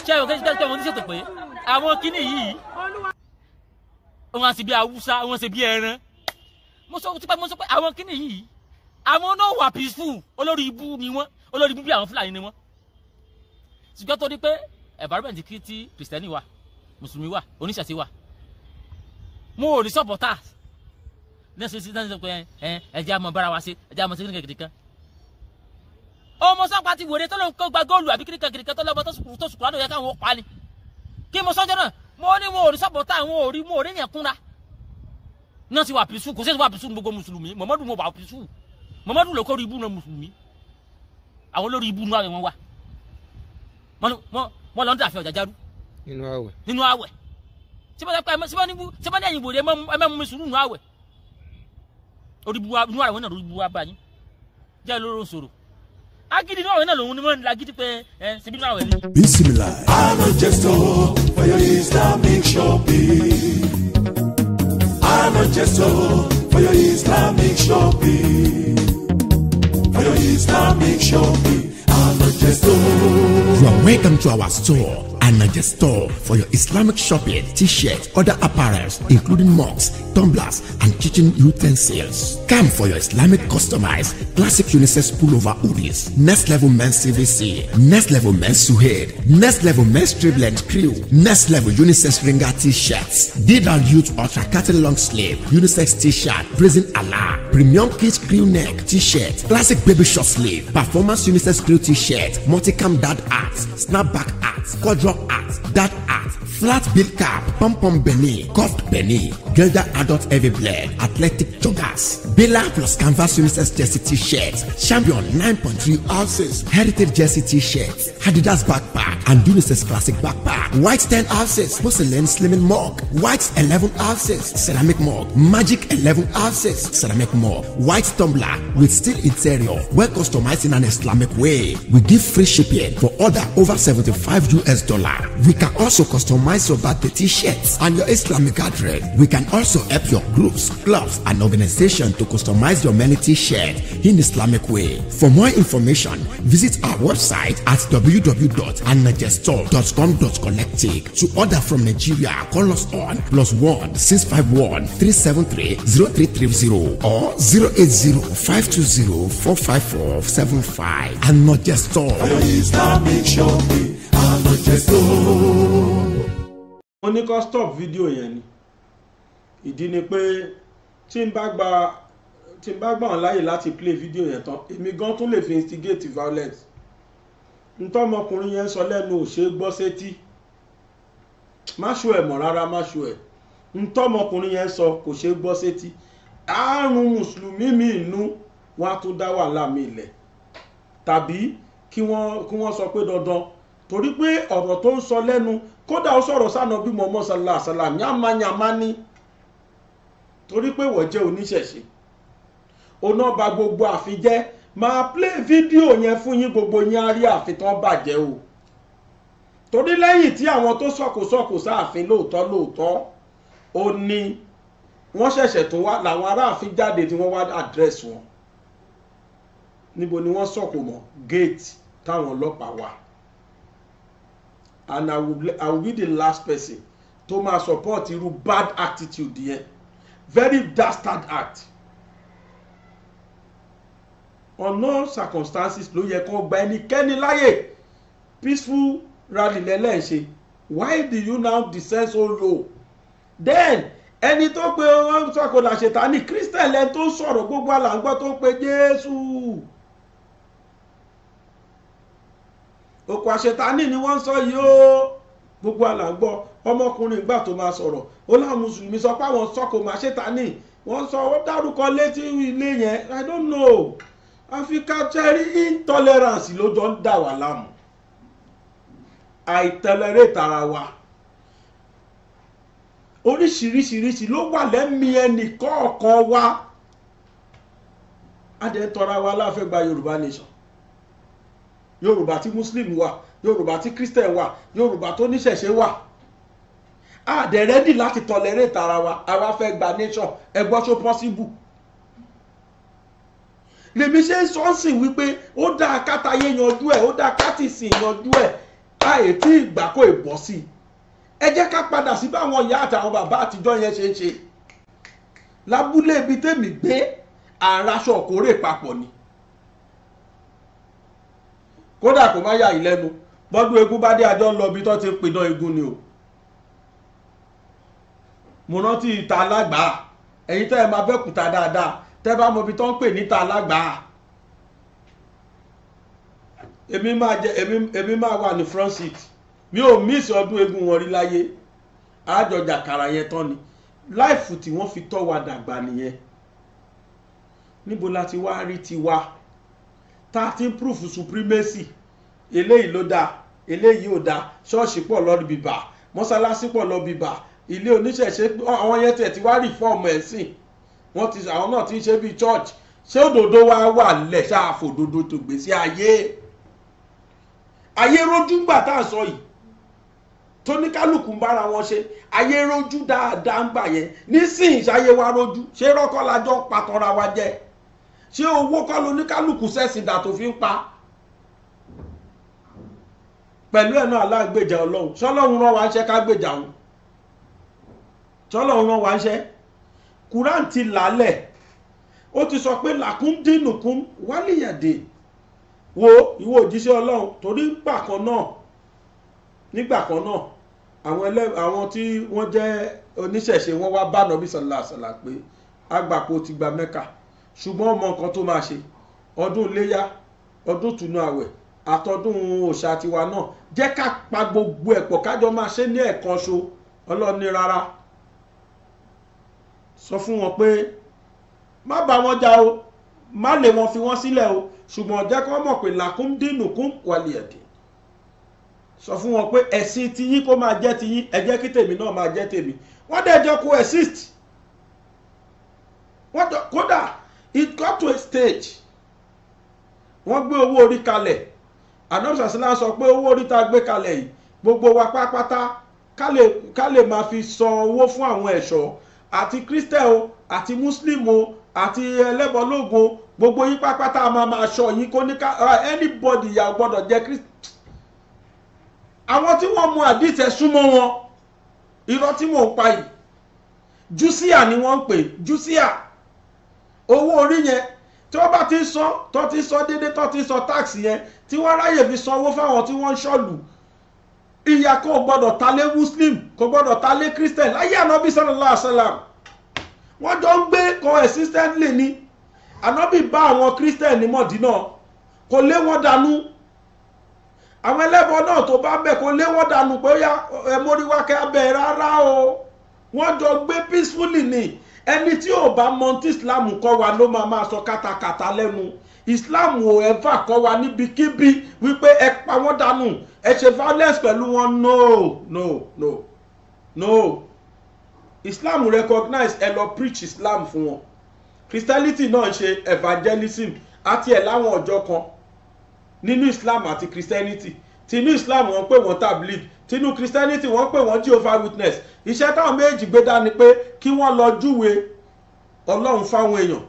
D: ṣe àwọn kẹ́sìtẹ́ tó wọn ní ṣètò pé àwọn kíní yìí wọn sì bí awúsá wọn sì bí ẹran mo sọ pé mo sọ pé àwọn kíní yìí àwọn náà wà peaceful olórí ibú ni wọn olórí ibú bí àwọn fúlàní ni wọn ṣùgbọ́n tó ní pé environment kí ti kìrìsìtẹ́nì wà mùsùlùmí wà oníṣẹ̀ṣe wà mo ò ní sọ́pọ̀tà ní ẹ̀sìn sí ẹ̀jẹ̀ àmọ́ bára wa ṣe ẹ̀jẹ̀ àmọ́ sí kékeré kan ọmọ Sampa ti wèrè tó ló ń kó gba góòlù àbí kíríkan kíríkan tó lọ́bọ tó sùkúrà ló yẹ káwọn pa ni kí mo sọ́jọ́ náà mo ní wọn ò rí sọ́pọ̀tà àwọn ò rí mo ò rí yẹn kúnra náà ti wà pìṣù kò sí ti wà pìṣù gbogbo mùsùlùmí Muhammadu mo wà pìṣù Muhammadu ló rí ibú náà mùsùlùmí àwọn olórí ibú náà wọn wà wọn lọ dàfẹ́ ọ̀jà járú nínú àwẹ̀ nínú àwẹ̀ síbẹ̀ agidi náà náà lòun ni mo ń la gidi pé ẹ ṣe náà wẹ̀ ni. bisimilá.
B: for your islamic shopping. i'm a gestor
F: for your islamic shopping. for your islamic shopping. i'm a gestor. you are welcome to our store. And Anaja store for your Islamic shopping, t-shirts, other apparels, including mugs, tumblers, and kitchen utensils. Come for your Islamic customized classic unisex pullover hoodies, next level men's CVC, next level men's suede, next level men's triplet crew, next level unisex ringer t-shirts, Didal Youth Ultra Cutting Long Sleeve, unisex t-shirt, Prison Allah, Premium Kids Crew Neck t-shirt, Classic Baby Short Sleeve, Performance Unisex Crew t-shirt, Multicam Dad Hats, Snapback Hats, Quadro act, that act flat bill cap pom pom benin cuffed benin gender adult heavy blend athletic joggers bela plus canvas unisex jersey t-shirt champion nine point three ounces heritage jersey t-shirt adidas backpack and unisex classic backpack white ten ounces porcelain slimming mug white eleven ounces ceramic mug magic eleven ounces ceramic mug white tumbler with steel interior well customized in an islamic way we give free shipping for order over seventy-five us dollar we can also customize customize your birthday t-shirts and your Islamic address. We can also help your groups, clubs, and organization to customize your many t-shirts in Islamic way. For more information, visit our website at www.anajestore.com.collective. To order from Nigeria, call us on plus one six five one three seven three zero three three zero or zero eight zero five two zero four five four seven five. And not just all. Islamic shopping,
B: and not
A: just all
B: ó ní kó stop fídíò yẹn ni ìdí ni pé tí n bá gba tí gbà wọn láàyè láti play fídíò yẹn tán èmi gan tún lè fi instigate violence ntọ́mọkùnrin yẹn ń sọ lẹ́nu ò ṣeé gbọ́ sétí má ṣù ẹ̀ mọ̀ rárá má ṣù ẹ̀ ntọ́mọkùnrin yẹn sọ kò ṣeé gbọ́ sétí àrùn mùsùlùmí mi inú wọn á tún dá wàhálà mi ilẹ̀ tàbí kí wọ́n sọ pé dandan torí pé ọ̀rọ̀ tó ń sọ lẹ́nu kódà ó sọ̀rọ̀ sànà bí mọ̀mọ́ sallallahu alaihi wasallam yàmáyàmá ní torí pé wọ́n jẹ́ oníṣẹ̀ṣe oná ba gbogbo àfin jẹ́ máa play fídíò yẹn fún yín gbogbo yín á rí àfin tán bàjẹ́ o torí lẹ́yìn tí àwọn tó sọ̀kòsọ̀kò sáàfin lóòótọ́ lóòótọ́ ó ní wọ́n ṣẹ̀ṣẹ̀ tó wá làwọn aráàfin jáde tí wọ́n wá àdírẹ́sì wọn níbo ni wọ́n sọ̀kò mọ́ gate táwọn ọlọ́pàá wà and I will, I will be the last person to máa support irú bad attitude yẹn very dastard act on no circumstances ló yẹ kó gba ẹnikẹ́ni láyè peaceful rally lẹ́lẹ́ǹṣe why do you now descend so low then ẹni tó pe wọn sọkò làṣetà ni christian lẹni tó sọ̀rọ̀ gbogbo àlàǹgbọ́ tó pe jésù. Yes, òkò àṣetánì ni wọ́n ń sọ yìí ó gbogbo àlàgbọ́ ọmọkùnrin ìgbà tó máa sọ̀rọ̀ ó láwọn mùsùlùmí sọ pé àwọn sọ́kò máa ṣètánì wọ́n sọ ó dárúkọ létí ilé yẹn i don't know africa cherry intolerance ló jọ ń dà wá láàmú àìtẹlẹrẹ́tà ara wa oríṣiríṣiríṣi ló wà lẹ́mí ẹnì kọ̀ọ̀kan wa a dẹ̀ tọ́ra wa láfẹ́ gba yorùbá nation yorùbá tí muslim wà yorùbá tí christian wà yorùbá tó níṣẹ̀ṣe wà àdẹ̀ rẹ́dì láti tolerate ara wa àwa fẹ́ gba nation ẹgbọ́n tó possible lèmi ṣe ń sọ́ọ̀sì wípé ó dáa kátayé yanjú ẹ̀ ó dáa kátìsì yanjú ẹ̀ àyè tí ìgbà kò ì bọ́ sí i ẹ jẹ́ ká padà sí báwọn ìyá àtàwọn bàbá àtijọ́ yẹn ṣe ń ṣe lábúlé ibi tèmi gbé àràṣọ òkórè papọ̀ ni kódà kó má yà ìlẹ́nu bọ́dún egun bá dé àjọ ń lọ ibi tó ti pidán egun ni o mo rántí ìta alágbàá ẹ̀yin tẹ́ ẹ máa bẹ́kùtà dáadáa tẹ́ bá mọ ibi tó ń pè níta alágbàá èmi máa jẹ èmi èmi máa wà ní front seat mi ò mísì ọdún egun wọn rí láyé àjọjà kàrà yẹn tán ni láìfù tí wọ́n fi tọ́ wa dàgbà nìyẹn níbo la ti wá rí tiwa tá a ti ń proof supremacy eléyìí ló dáa eléyìí ò dáa ṣọ́ọ̀ṣì pọ̀ lọ bìbà mọ́sálásí pọ̀ lọ bìbà ilé oníṣẹ̀ṣe àwọn yẹn tiẹ̀ ti wá rí fọ́ọ̀mù ẹ̀sìn wọ́n ti àwọn náà ti ń ṣe bíi church ṣé òdodo wa wà lẹ̀ ṣáàfò òdodo tó gbé sí ayé ayé rojú ńgbà tá à ń sọ yìí tóníkálùkù ń bára wọn ṣe ayé rojú dáadáa ń gbà yẹn nísìnyí ṣayé wa rojú ṣé rọ́kọ́ lájọ́ pàtàkì wa jẹ ṣé owó kọ́ lóníkálùkù sẹ́sìn dà tó fi ń pa pẹ̀lú ẹ̀ náà alágbèjà ọlọ́run sọlọ́run rán wa ń ṣe ká gbèjà òun sọlọ́run rán wa ń ṣe Quran ti làálẹ̀ ó ti sọ pé làkúndínùkún wálìyàdè wo ìwọ òjíṣẹ́ ọlọ́run torí nígbà kan náà nígbà kan náà àwọn ẹlẹ́ àwọn tí wọ́n jẹ́ oníṣẹ̀ṣe wọ́n wá bá nọ́bí sọ̀lá sọ̀lá pé agbàpọ̀ ti gba mẹ́ka ṣùgbọ́n ọmọ nǹkan tó máa ṣe ọdún iléyá ọdún tùnú àwẹ̀ àtọ́dún òòṣà tiwa náà jẹ́ ká pa gbogbo ẹ̀pọ̀ kájọ máa ṣe ní ẹ̀kan ṣo ọlọ́run ní rárá sọ fún wọn pé má bá wọn jà o má lè wọn fi wọn sílẹ̀ o ṣùgbọ́n jẹ́ kí wọ́n mọ̀ pé làkúndínlùkún wàlẹ̀ ẹ̀dẹ̀ sọ fún wọn pé ẹ̀sìn tiyín kó máa jẹ́ tiyín ẹ kí tèmi náà máa jẹ́ tèmi wọ́n dẹ̀ jọ kó exist wọ́n jọ kódà it got to a stage wọ́n gbé owó orí kalẹ̀ anamsa sílá sọ pé owó orí tá gbé kalẹ̀ yìí gbogbo wa pátápátá ká lè máa fi san owó fún àwọn ẹ̀ṣọ́ àti kristẹl àti muslim o àti ẹlẹ́bọ̀lógún gbogbo yín pátápátá a máa máa ṣọ́ yín kó ní ká anybody yà gbọ́dọ̀ jẹ́ kristẹl àwọn tí wọ́n mú àdìsẹ́ súnmọ́ wọn irọ́ tí mò ń pa yìí júsíà ni wọ́n ń pè júsíà owó orí yẹn tí wọ́n bá ti ń san tó ti ń san déédéé tó ti ń san táàsì yẹn tí wọ́n ráyè fi sanwó fáwọn tí wọ́n ń ṣọ́lù ìyà kò gbọ́dọ̀ ta lé muslim kò gbọ́dọ̀ ta lé christian láyé ànábì sallallahu alaihi wasallam wọ́n jọ ń gbé coexistently ni ànábì bá àwọn christian ní mọ̀dínà kò lé wọn dànù àwọn ẹlẹ́bọ náà tó bá bẹ̀ kò lé wọn dànù pé ó yá ẹ̀móríwákẹ́ abẹ́ rárá o wọ́n jọ gbé peacefully ni ẹni tí ò bá mọ tí islam kọ́ wa ló máa máa sọ kátàkátà lẹ́nu islam ò ẹ̀fà kọ́ wa níbikíbi wípé ẹ pa wọ́n dànù ẹ ṣe violence pẹ̀lú wọn no no no no islam recognize ẹ lọ preach islam fún wọn christianity náà ń ṣe evangelism àti ẹ̀ láwọn ọjọ́ kan nínú islam àti christianity tinú islam wọ́n pè wọ́n tabligh tinú christianity wọ́n pè wọ́n jehovah witness iṣẹ́ táwọn méjì gbé dání pé kí wọ́n lọ júwe ọlọ́run fáwọn èèyàn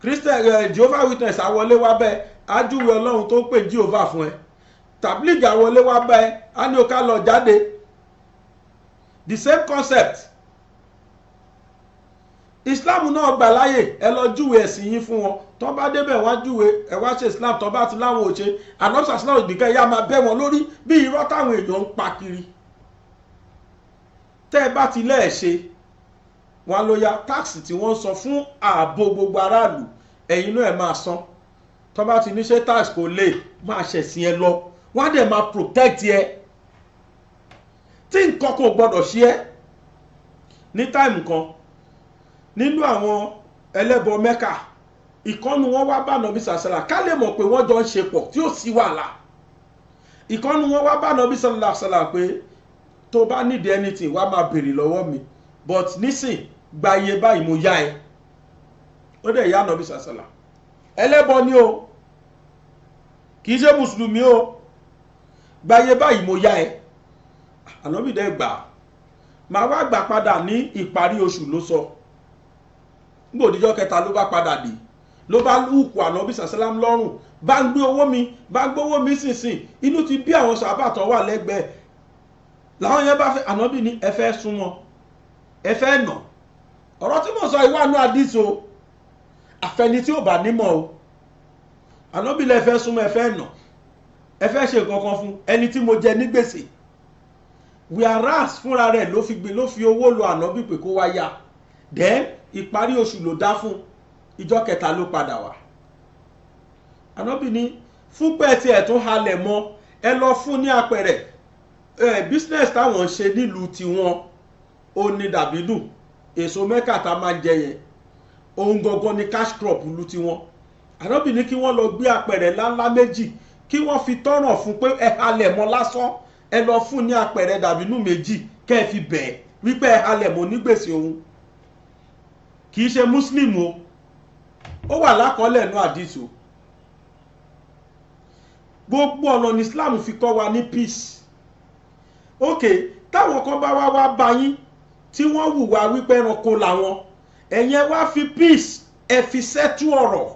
B: christian eh, jehovah witness àwọlé wá bẹ́ẹ̀ á júwe ọlọ́run tó ń pè jehovah fún ẹ tàbílígì àwọlé wá bẹ́ẹ̀ á ní o ká lọ jáde the same concept islam náà gbà láyè ẹ lọ júwe ẹ̀sìn yín fún wọn tó bá débẹ̀ wá júwe ẹ wá ṣe islam tó bá ti láwọn ò ṣe ànọ́sà islam ìgbìkan ẹ̀yà máa bẹ́ wọn lórí bí irọ́ táwọn èèyàn ń pa kiri tẹ́ ẹ bá ti lẹ́ẹ̀ṣe wọn ló ya táàsì tí wọ́n san fún ààbò gbogbo aráàlú ẹ̀yin náà ẹ̀ máa san tó bá ti ní ṣe táàsì kò lè máa ṣẹ̀sìn ẹ lọ wọ́n á dẹ̀ máa protect ẹ tí nǹkan kò gbọ́dọ̀ ṣe ẹ́ ní táìmù kan nínú àwọn ẹlẹ́bọ mẹ́kà ìkọ́nu wọn wá bá nọbí sàṣàlà ká lè mọ̀ pé wọ́n jọ ń ṣe pọ̀ tí ó sì wàhálà ìkọ́nu wọn wá bá nọbí sàṣàlà pé tó bá need anything wàá máa béèrè lọ́wọ́ mi but nísìn gba iye báyìí mo yá ẹ ó dẹ̀ yá ànábì sàṣàlà ẹlẹ́bọ ni o kì ṣe mùsùlùmí o gba iye báyìí mo yá ẹ ànábì dẹ̀ gbà máa wá gbà padà ní ìparí oṣù ló sọ gbòdìjọ́ kẹta ló bá padà dé ló bá lùkù ànábì sàṣàlám lọ́rùn bá ń gbé owó mi bá ń gbówó mi sínsìn inú ti bí àwọn sàbàtàn wà lẹ́gbẹ̀ẹ́ làwọn yẹn bá fẹ́ ànábì ní ẹ fẹ́ súnmọ́ ẹ fẹ́ nà ọ̀rọ̀ tí mo sọ ìwà àánú àdìs o àfẹni tí ò bá nímọ̀ o ànábì lẹ fẹ́ súnmọ́ ẹ fẹ́ nà ẹ fẹ́ ṣe nǹkan kan fún ẹni tí mo jẹ ní gbèsè whereas fúnra rẹ̀ ló fi gbé ló fi owó lo ànábì pé kó wá yá then ìparí oṣù ló dá fún ìjọ kẹta ló padà wá ànábì ní fún pẹ́ẹ́tì ẹ̀ tún halẹ̀ mọ́ ẹ lọ fún ní apẹ̀rẹ̀ business táwọn ṣe nílùú tiwọn ó ní dàbídù èso mẹ́kà tá a máa jẹ yẹn ohun gangan ni cash crop lu tiwọn ànábì ní kí wọ́n lọ gbé apẹ̀rẹ̀ ńláńlá méjì kí wọ́n fi tọ́ràn fún pé ẹ halẹ̀ mọ́ lásán ẹ lọ fún ní apẹ̀rẹ̀ dàbínú méjì kẹ́ ẹ fi bẹ̀ ẹ́ wípé ẹ halẹ̀ mọ́ nígbèsè òun kì í ṣe muslim o ó wà lákọọ́lẹ̀ ní àdìsó gbogbo ọ̀nà ní islam fi kọ́ wa ní peace ok táwọn kan bá wá wá bá yín tí wọ́n hùwà wípé ẹranko làwọn ẹ̀yin ẹ wá fi peace ẹ fi ṣẹ́tú ọ̀rọ̀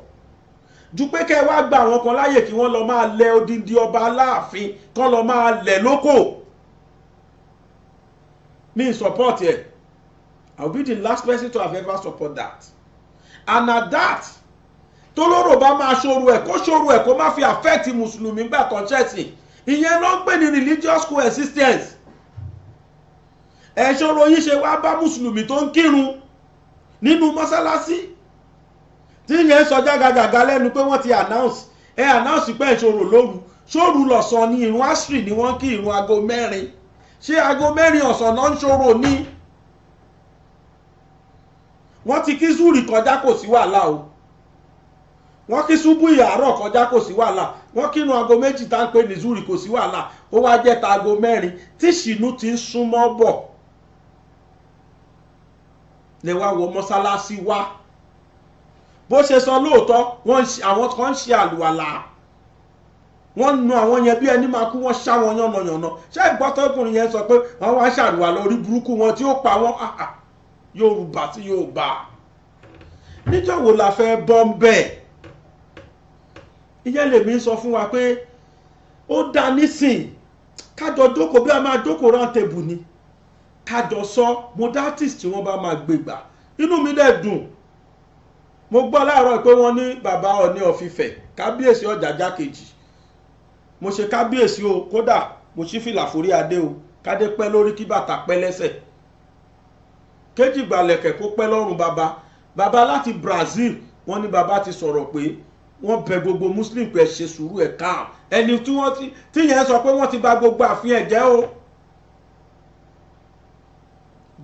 B: ju pé kẹ́ ẹ wá gba àwọn kan láàyè kí wọ́n lọ máa lẹ odindi ọba aláàfin kán lọ máa lẹ̀ lóko mi support ẹ̀ I will be the last person to have ever support that and at that tólóró bá máa ṣòro ẹ̀ kó ṣòro ẹ̀ kó má fi àfẹ́ẹ̀tì mùsùlùmí gbà kọ́ńtẹ́ẹ̀sì ìyẹn náà ń pè ní religious coexistence ẹ̀ṣọ́rọ̀ yín ṣe wá bá mùsùlùmí tó ń kírun nínú mọ́sálásí tí yẹn sọ jágagàga lẹ́nu pé wọ́n ti announce ẹ announce pé ẹ̀ṣọ́rọ̀ lóru ṣóòrù lọ̀sán ni ìrun asri ni wọ́n kí ìrun aago mẹ́rin ṣé aago mẹ́rin ọ̀sán náà ń ṣòro ní wọ́n ti kí zúrì kọjá kò sí wàhálà o wọ́n kí ṣubú ìyàárọ̀ kọjá kò sí wàhálà wọ́n kínú aago méjì tá ń pè ní zúrì kò sí wàhálà ó wá jẹ́ aago mẹ́rin tí ṣìnú ti ń súnmọ́ bọ̀ lẹ wá wọ mọ́sálásí wá bó ṣe sọ lóòótọ́ àwọn kan ń ṣe àlùwàlà wọ́n nu àwọn yẹn bí ẹni máa kú wọ́n ṣá wọn yànnàyànnà ṣé ìgbọ́tọ́kùnrin yẹn sọ pé wọ́n wá ṣàlùwàlà orí burúkú wọn tí ó pa wọ́n ah, ah, Yorùbá tí Yorùbá níjọ́ wo la fẹ́ bọ́ ń bẹ̀ ìyẹn lèmi sọ fún wa pé ó dá nísìn kájọ jókòó bí a máa jókòó rántẹ̀bù ni kájọ sọ modalities tí wọ́n bá máa gbégbà inú mi dẹ̀ dùn mo gbọ́ láàárọ̀ pé wọ́n ní bàbá Ọọ̀ni of Ifẹ̀ kábíyèsí Ọ̀jájá kejì mo ṣe kábíyèsí o kódà mo ṣí fìlà forí adé o kádé pẹ́ lórí kí bàtà pẹ́ lẹ́sẹ̀ kéjì gbàlẹ̀kẹ̀ kó pẹ́ lọ́rùn bàbá bàbá láti Brazil wọ́n ní bàbá ti sọ̀rọ̀ pé wọ́n bẹ gbogbo muslim pé ẹ ṣe sùúrù ẹ̀ káà ẹni tí wọ́n ti tíyẹn sọ pé wọ́n ti bà gbogbo àfihàn jẹ́ o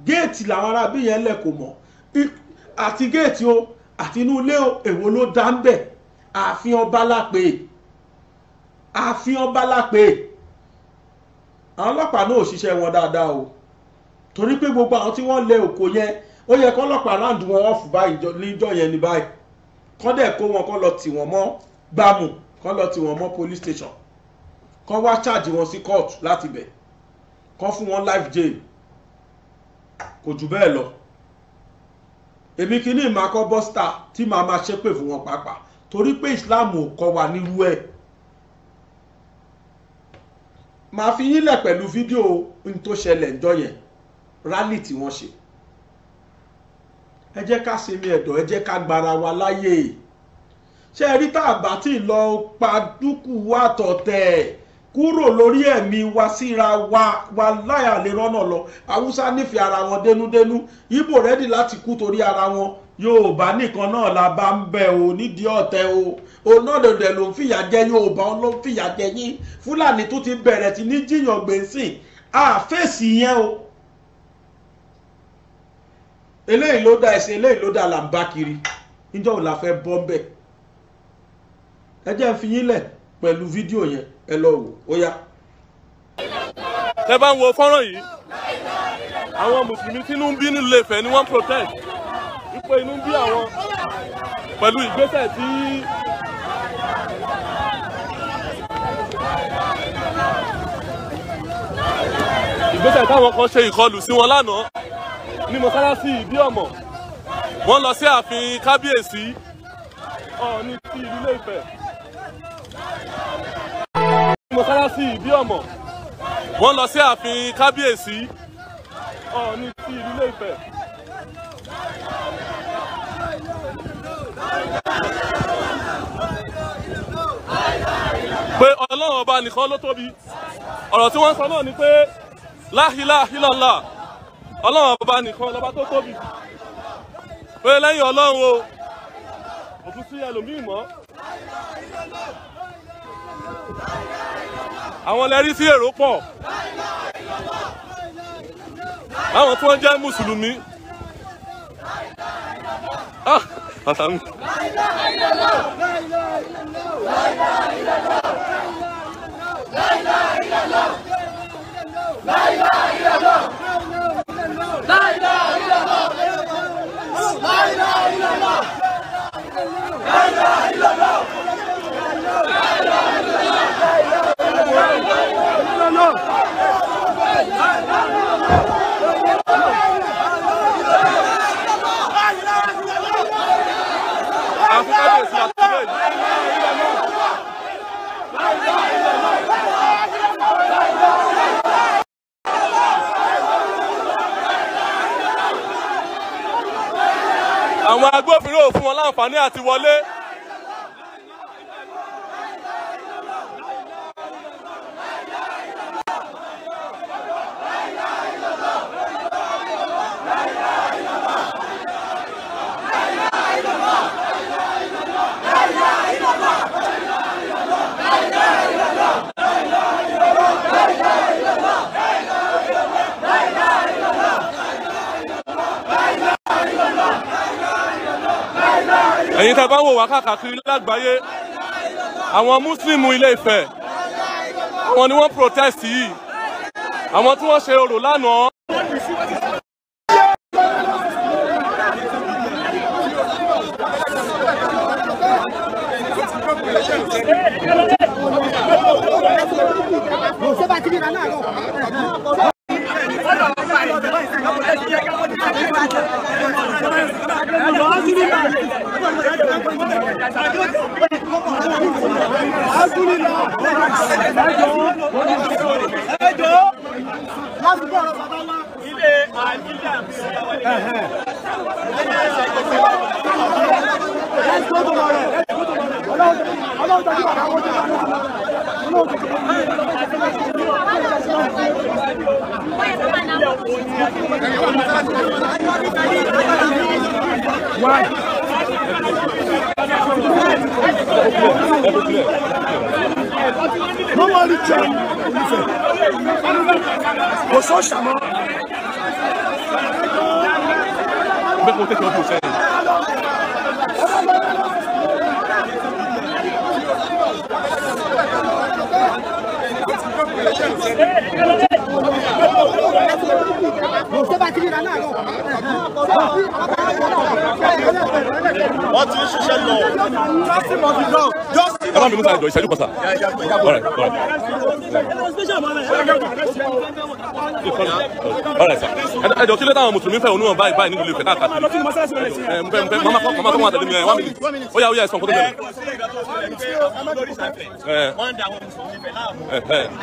B: géètì làwọn arábí yẹn lẹ̀ kò mọ̀ àti géètì o àti inú ilé o èwo ló dá ń bẹ̀ ààfin ọba lápè ààfin ọba lápè àwọn ọlọ́pàá náà ò ṣiṣẹ́ wọn dáadáa o torí pé gbogbo àwọn tí wọ́n lẹ òkò yẹn ó yẹ kọ́ ọlọ́pàá ráǹdù wọn ọ̀fù báyìí níjọ́ yẹn ní báyìí kọ́ dẹ̀ kó wọn kọ́ lọ tì wọ́n mọ́ gbàmù kọ́ lọ tì wọ́n mọ́ police station kọ́ wá ṣáàjì wọn sí kóòtù láti bẹ̀ kọ́ fún wọn live jail kò jù bẹ́ẹ̀ lọ èmi kì í ní ìmọ̀ akọ́ bọ́sítà tí màá máa ṣépè fún wọn pàápàá torí pé Islam ò kọ́ wa nírú ẹ̀ màá fi yín lẹ̀ pẹ̀lú fídíò n tó ṣẹlẹ̀ ńjọ́ yẹn rálì tí wọ́n ṣe ẹ jẹ́ ká sinmi ẹ̀dọ̀ ẹ jẹ́ ká gbára wa láyè ṣé ẹ rí tá a bá tí ì lọ pa dúkùú àtọ̀tẹ̀ ẹ̀ kúrò lórí ẹ̀mí wa síra wa wa láyà lè rọ́nà lọ haúsá nífẹ̀ẹ́ ara wọn dénúdénú ibo rẹ́dì láti kú torí ara wọn yorùbá nìkan náà la bá ń bẹ̀ o nídìí ọ̀tẹ̀ o òun náà dẹ̀dẹ̀ ló ń fìyà jẹ yorùbá ló ń fìyà jẹ yín fúlàní tó ti bẹ̀rẹ̀ sí ní jiyàn gbèsè àfẹ́sì yẹn o eléyìí ló dá ẹsẹ̀ eléyìí ló dá làǹbá kiri níjọ́ òun la fẹ́ bọ́ bẹ́ẹ̀ ẹ jẹ́ ń fi yín lẹ̀ pẹ̀lú fídíò yẹn ẹ lọ wò ó yá. tẹ bá ń wo fọ́nrán yìí àwọn mùsùlùmí tínú ń bí nílé Ifẹ̀ ni wọ́n protest
G: ipò inú ń bí àwọn pẹ̀lú ìgbésẹ̀ tí. ìgbésẹ̀ táwọn kan ṣe ìkọlù sí wọn lánàá ní mọ́sálásí ìdí ọ̀mọ̀ wọ́n lọ sí ààfin kábíyèsí ọ̀ọ́ni ti ìlú Ilé-Ifẹ̀ mọ́sálásí ìbí ọ̀mọ̀ wọ́n lọ sí ààfin kábíyèsí ọ̀ọ́ni ti ìdílé Ifẹ̀. pé ọlọ́run ọba nìkan ló tóbi ọ̀rọ̀ tí wọ́n sọ náà ni pé láhìláhìlọ́lá ọlọ́run ọba nìkan lọ́ba tó tóbi pé lẹ́yìn ọlọ́run o òtún sí ẹlòmíì mọ́ àwọn lẹ́rí sí èrò pọ̀ àwọn tí wọ́n jẹ́ mùsùlùmí ah, àtàmì.
E: láìláìlọ́lọ́ láìláìlọ́lọ́
A: láìláìlọ́lọ́.
G: àǹfààní àti wọlé. tẹ́ bá wò wá káàkiri lágbàáyé àwọn muslim ilé Ifẹ̀ àwọn ni wọ́n protest yìí àwọn tí wọ́n ṣe orò lánàá
E: Why?
F: Normally, John,
E: Thank
A: you.
D: wọ́n
B: ti ń ṣiṣẹ́ lọ. jọ́sìn mọ̀ ti dán. jọ́sìn mọ̀ ti
G: dán. ọlọ́run mi mú sáré jọ ìṣẹ́jú kan sá. ọ̀rẹ́ ọ̀rẹ́. ọ̀rẹ́ sá ẹ jọ kí ló táwọn mùsùlùmí fẹ́ oníwọ̀n báyìí báyìí nílùú Ifẹ̀ káàkiri. ẹ mọ fẹ́ mọ fẹ́ mama fọ́ mama fọ́ wọn àtẹ̀lé mi ẹ wá mi. ó yá ó yá ẹ sọ nǹkan tó bẹ̀rẹ̀ wọ́n rí pé àwọn lórí sáfẹ̀ wọ́n ń da àwọn mùsùlùmí bẹ̀ láàmú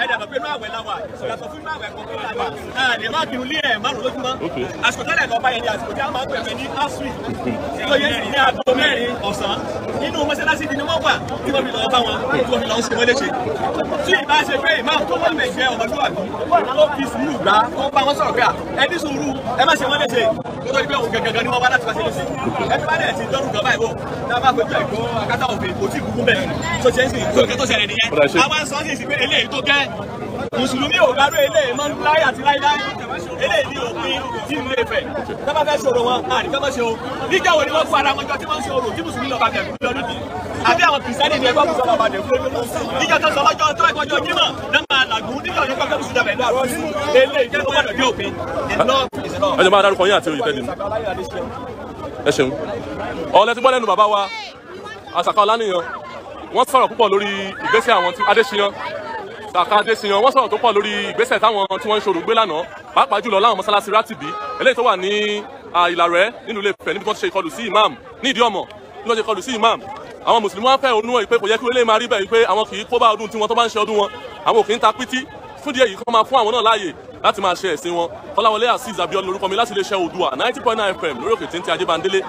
G: ẹ̀dá bàbá inú àwẹ̀ láwà yàtọ̀ fún inú àwẹ̀ kọ̀ọ̀kan láwà àdè má bínú lé ẹ̀ márùn lójúmọ́ àsìkò tẹ́lẹ̀ kan báyẹn ni àsìkò tí a máa ń pẹ̀pẹ̀ ní asui tó yẹ ní aago mẹ́rin ọ̀sán nínú mọ́ṣáláṣí ni wọ́n wà tí wọ́n fi lọ́ọ́ bá wọn tí wọ́n fi lọ́ọ́ ṣe wọ́n léṣe tí ì bá ṣe pé ìmá tó wọ́n lè jẹ ọmọlúwàbí ló fi sùúrù gbá ó bá wọn sọ̀rọ̀ pé à ẹni sùúrù ẹ má ṣe wọ́n léṣe tó tọ́jú òun gangan ni wọ́n wá láti wá léṣe ẹ fi bá dẹ̀ ti dọ́rùn kan báyìí tá a bá fojú ẹ̀ akátá òfin kò tí ì kúkú so tó ṣe ń sìn tó kẹ́ tó ṣẹlẹ̀ nìyẹn àwọn sọ sì sí pé eléyìí tó kẹ́ mùsùlùmí ò gbárù eléyìí mọ́ láyé àti láyéláyé eléyìí ni òpin tí ìlú Ifẹ̀ tá bá fẹ́ ṣòro wọn àríkà má ṣe o níjà wo ni wọ́n kó ara wọn jọ tí wọ́n ṣe orò tí mùsùlùmí lọ́ba bẹ̀rù lọ́dún yìí àbí àwọn kìrìsìtẹ́nì ni ẹgbẹ́ mùsùlùmí ọba dẹ̀ fún níjà tó sọ lọ́jọ́ tó ẹ̀kọ́ jọ jímọ̀ náà máa làgùn níjà òní pàtó mùsùlùmí abẹ̀lú àrùn eléyìí jẹ́ kó wà lọ́dún òpin ẹ̀ ṣeun ọ̀lẹ́tí gbọ́ lẹ́nu bàbá wa àṣàkà ọlánìyàn wọ́n sọ̀rọ̀ púpọ̀ lórí ìgbésẹ̀ àwọn tí adéṣiyàn ṣàkà adéṣiyàn wọ́n sọ̀rọ̀ tó pọ̀ lórí ìgbésẹ̀ táwọn tí wọ́n ń ṣòro gbé lánàá pàápàá jùlọ láwọn mọ́sálásí rátìbí eléyìí tó wà ní ìlàrẹ́ nínú ilé Ifẹ̀ níbi tí wọ́n ti ṣe ìkọlù sí imam ní ìdí ọmọ tí wọ́n ti ṣe ìkọlù sí imam àwọn mùsùlùmí wọn fẹ́ onú ẹ̀ pé kò yẹ kí eléyìí máa rí bẹ́ẹ̀ pé àwọn kì í kó bá ọdún tí wọn tó bá ń ṣe ọdún wọn àwọn ò kì í ta pítí fún díẹ̀ yìí kọ́ máa fún àwọn náà láàyè láti máa ṣe ẹ̀sìn wọn Fọláwọlé Azeez Abiodun lórúkọ mi láti iléeṣẹ́ Oòduà ninety point nine fm lórí òkè téńté Ajébandélé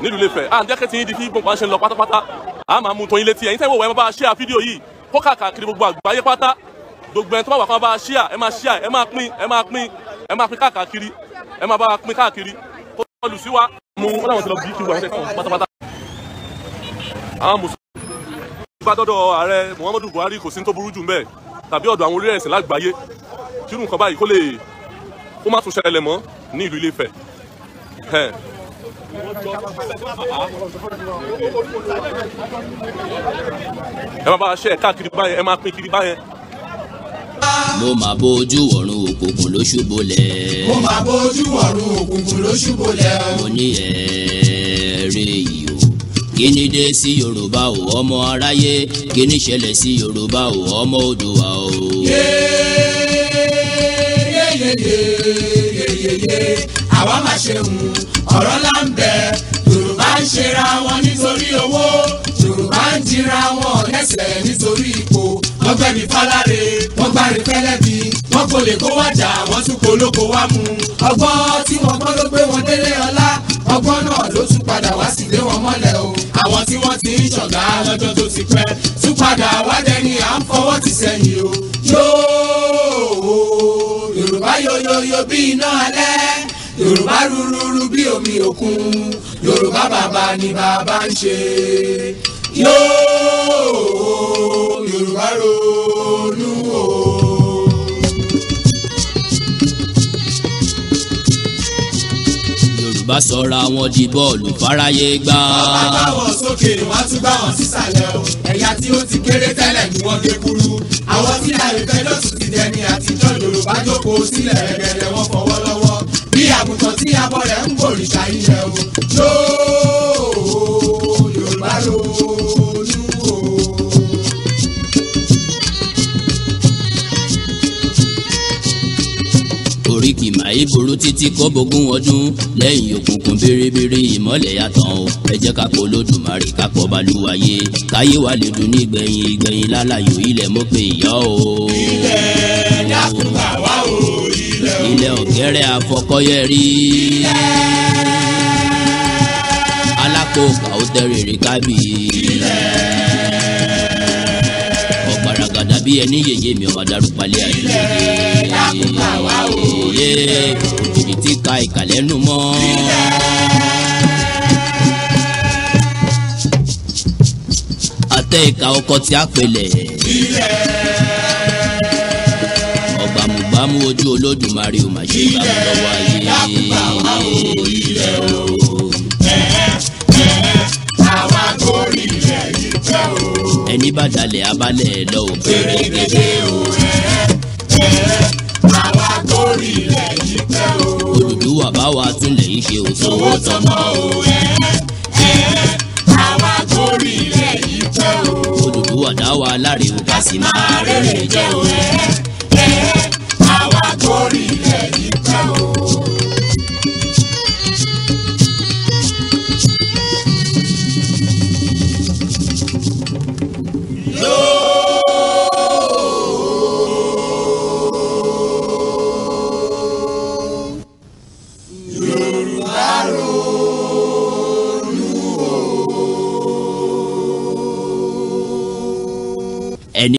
G: nílùú Ilé-Ifẹ̀ à ń jẹ́ kẹ́tì yín di kí gbọ̀ngàn ṣe ń lọ pátápátá a máa mú tóyin létí ẹ̀yin tẹ́wọ̀ ẹ máa bá a ṣíà fídíò yìí kó kàkiri gbogbo àgbáyé pátá gbogbo ẹni tó bá wà kán bá a ṣíà ẹ máa ṣíà ẹ máa pín ẹ máa pín ẹ máa pín káàkiri ẹ máa bá a pín káàkiri kó lù sí wa mú wọn làwọn ti lọ bí kí wọn ṣe kàn pátápátá. àwọn mùsùlùmí bá dọ́dọ̀ ààrẹ Muhammadu Buhari kò sí ní tó burú jù mbẹ́ẹ̀ tàbí ọ̀dọ̀ àwọn orílẹ̀ ẹ̀sìn lágbàáyé tírú nǹkan báyìí kó lè kó má tún ṣẹlẹ̀ mọ́ ní ìlú Ilé-Ifẹ̀ ẹ máa bá a ṣe ẹ̀ káàkiri báyẹn ẹ máa pín kiri báyẹn mo máa bójú ọ̀run
A: òkùnkùn ló ṣubúlẹ̀. mo máa
B: bójú ọ̀run òkùnkùn ló
A: ṣubúlẹ̀. mo ní ẹ̀ẹ́rẹ́ yìí o kíni dé sí yorùbá o ọmọ aráyé kíni ṣẹlẹ̀ sí yorùbá o ọmọ oòdùà o. àwa máa ṣe hùn ọ̀rọ̀ là ń bẹ yorùbá ń ṣera wọn nítorí owó yorùbá ń jira wọn lẹ́sẹ̀ nítorí ipò wọ́n gbẹ̀mí fáláre wọ́n gbárí pẹ́lẹ́bí wọ́n ọgbọ́n
F: náà ló tún padà wá sí lé wọn mọ́lẹ̀ o àwọn tí wọ́n ti ń ṣọ̀gá lọ́jọ́ tó ti pẹ́ tún padà wá dẹni à ń fọwọ́ ti sẹ́yìn o yóò
B: yorùbá yoyoyo bí iná alẹ́ yorùbá rúrúrú bí omi òkun
A: yorùbá bàbá ni bàbá ń ṣe yóò yorùbá ronú o. bá sọra wọn di bọ́ọ̀lù fáráyé gbá. bàbá bá
F: wọn sókè wọn tún bá wọn sísàlẹ̀ o ẹ̀yà tí ó ti kéré tẹ́lẹ̀ ni wọ́n gé kúrú àwọn tí àìfẹ́ lọ́sùn ti dẹni àtijọ́ Yorùbá jókòó sílẹ̀ rẹ̀gẹ̀dẹ̀ wọn fọwọ́ lọ́wọ́ bí àgùntàn tí abọ́ rẹ̀ ń gbòrìṣà ilẹ̀ o
A: burú títí kó bógún ọdún lẹ́yìn òkùnkùn bèrèbèrè ìmọ́lẹ̀ yàtọ̀ o ẹ jẹ́ ká pọ̀ Olódùmarè ká pọ̀ balùwàyè káyé wa lè dùn ní ìgbẹ̀yìn ìgbẹ̀yìn lálàyò ilẹ̀ mọ́ pé ìyá o. ilẹ̀ dákúgbà wá o ilẹ̀ o. ilẹ̀ ọ̀gẹ́rẹ́ àfọkọ́yẹ rí. ilẹ̀ alákòókà ó tẹ́rẹ̀ẹ́rẹ́ kábíyé. ilẹ̀ dàbí ẹni yèyé mi ọba darúgbálẹ̀ ayé. ilẹ̀ dákúgbà wá o. yé ti ka ìkàlẹ́ nù mọ́. àtẹ ìka ọkọ tí a pèlè. ilẹ̀ ọgbàmùgbàmù ojú olódùmarè ò mà ṣe gbàgbọ́ wáyé. ilẹ̀ dákúgbà wá o ìbàdàlẹ̀ abalẹ̀ lọ o. jèrèdèdè o ẹ̀ẹ́ ẹ̀ẹ́ àwa tó rí ilẹ̀ yìí pẹ́ o. Odùduwà bá wa túnlẹ̀ yìí ṣe o. tòwó tọmọ o ẹ̀ẹ́ ẹ̀ẹ́ àwa tó rí ilẹ̀ yìí pẹ́ o. Odùduwà dá wa láre o. ká sì máa rere jẹ́ o ẹ̀ẹ́.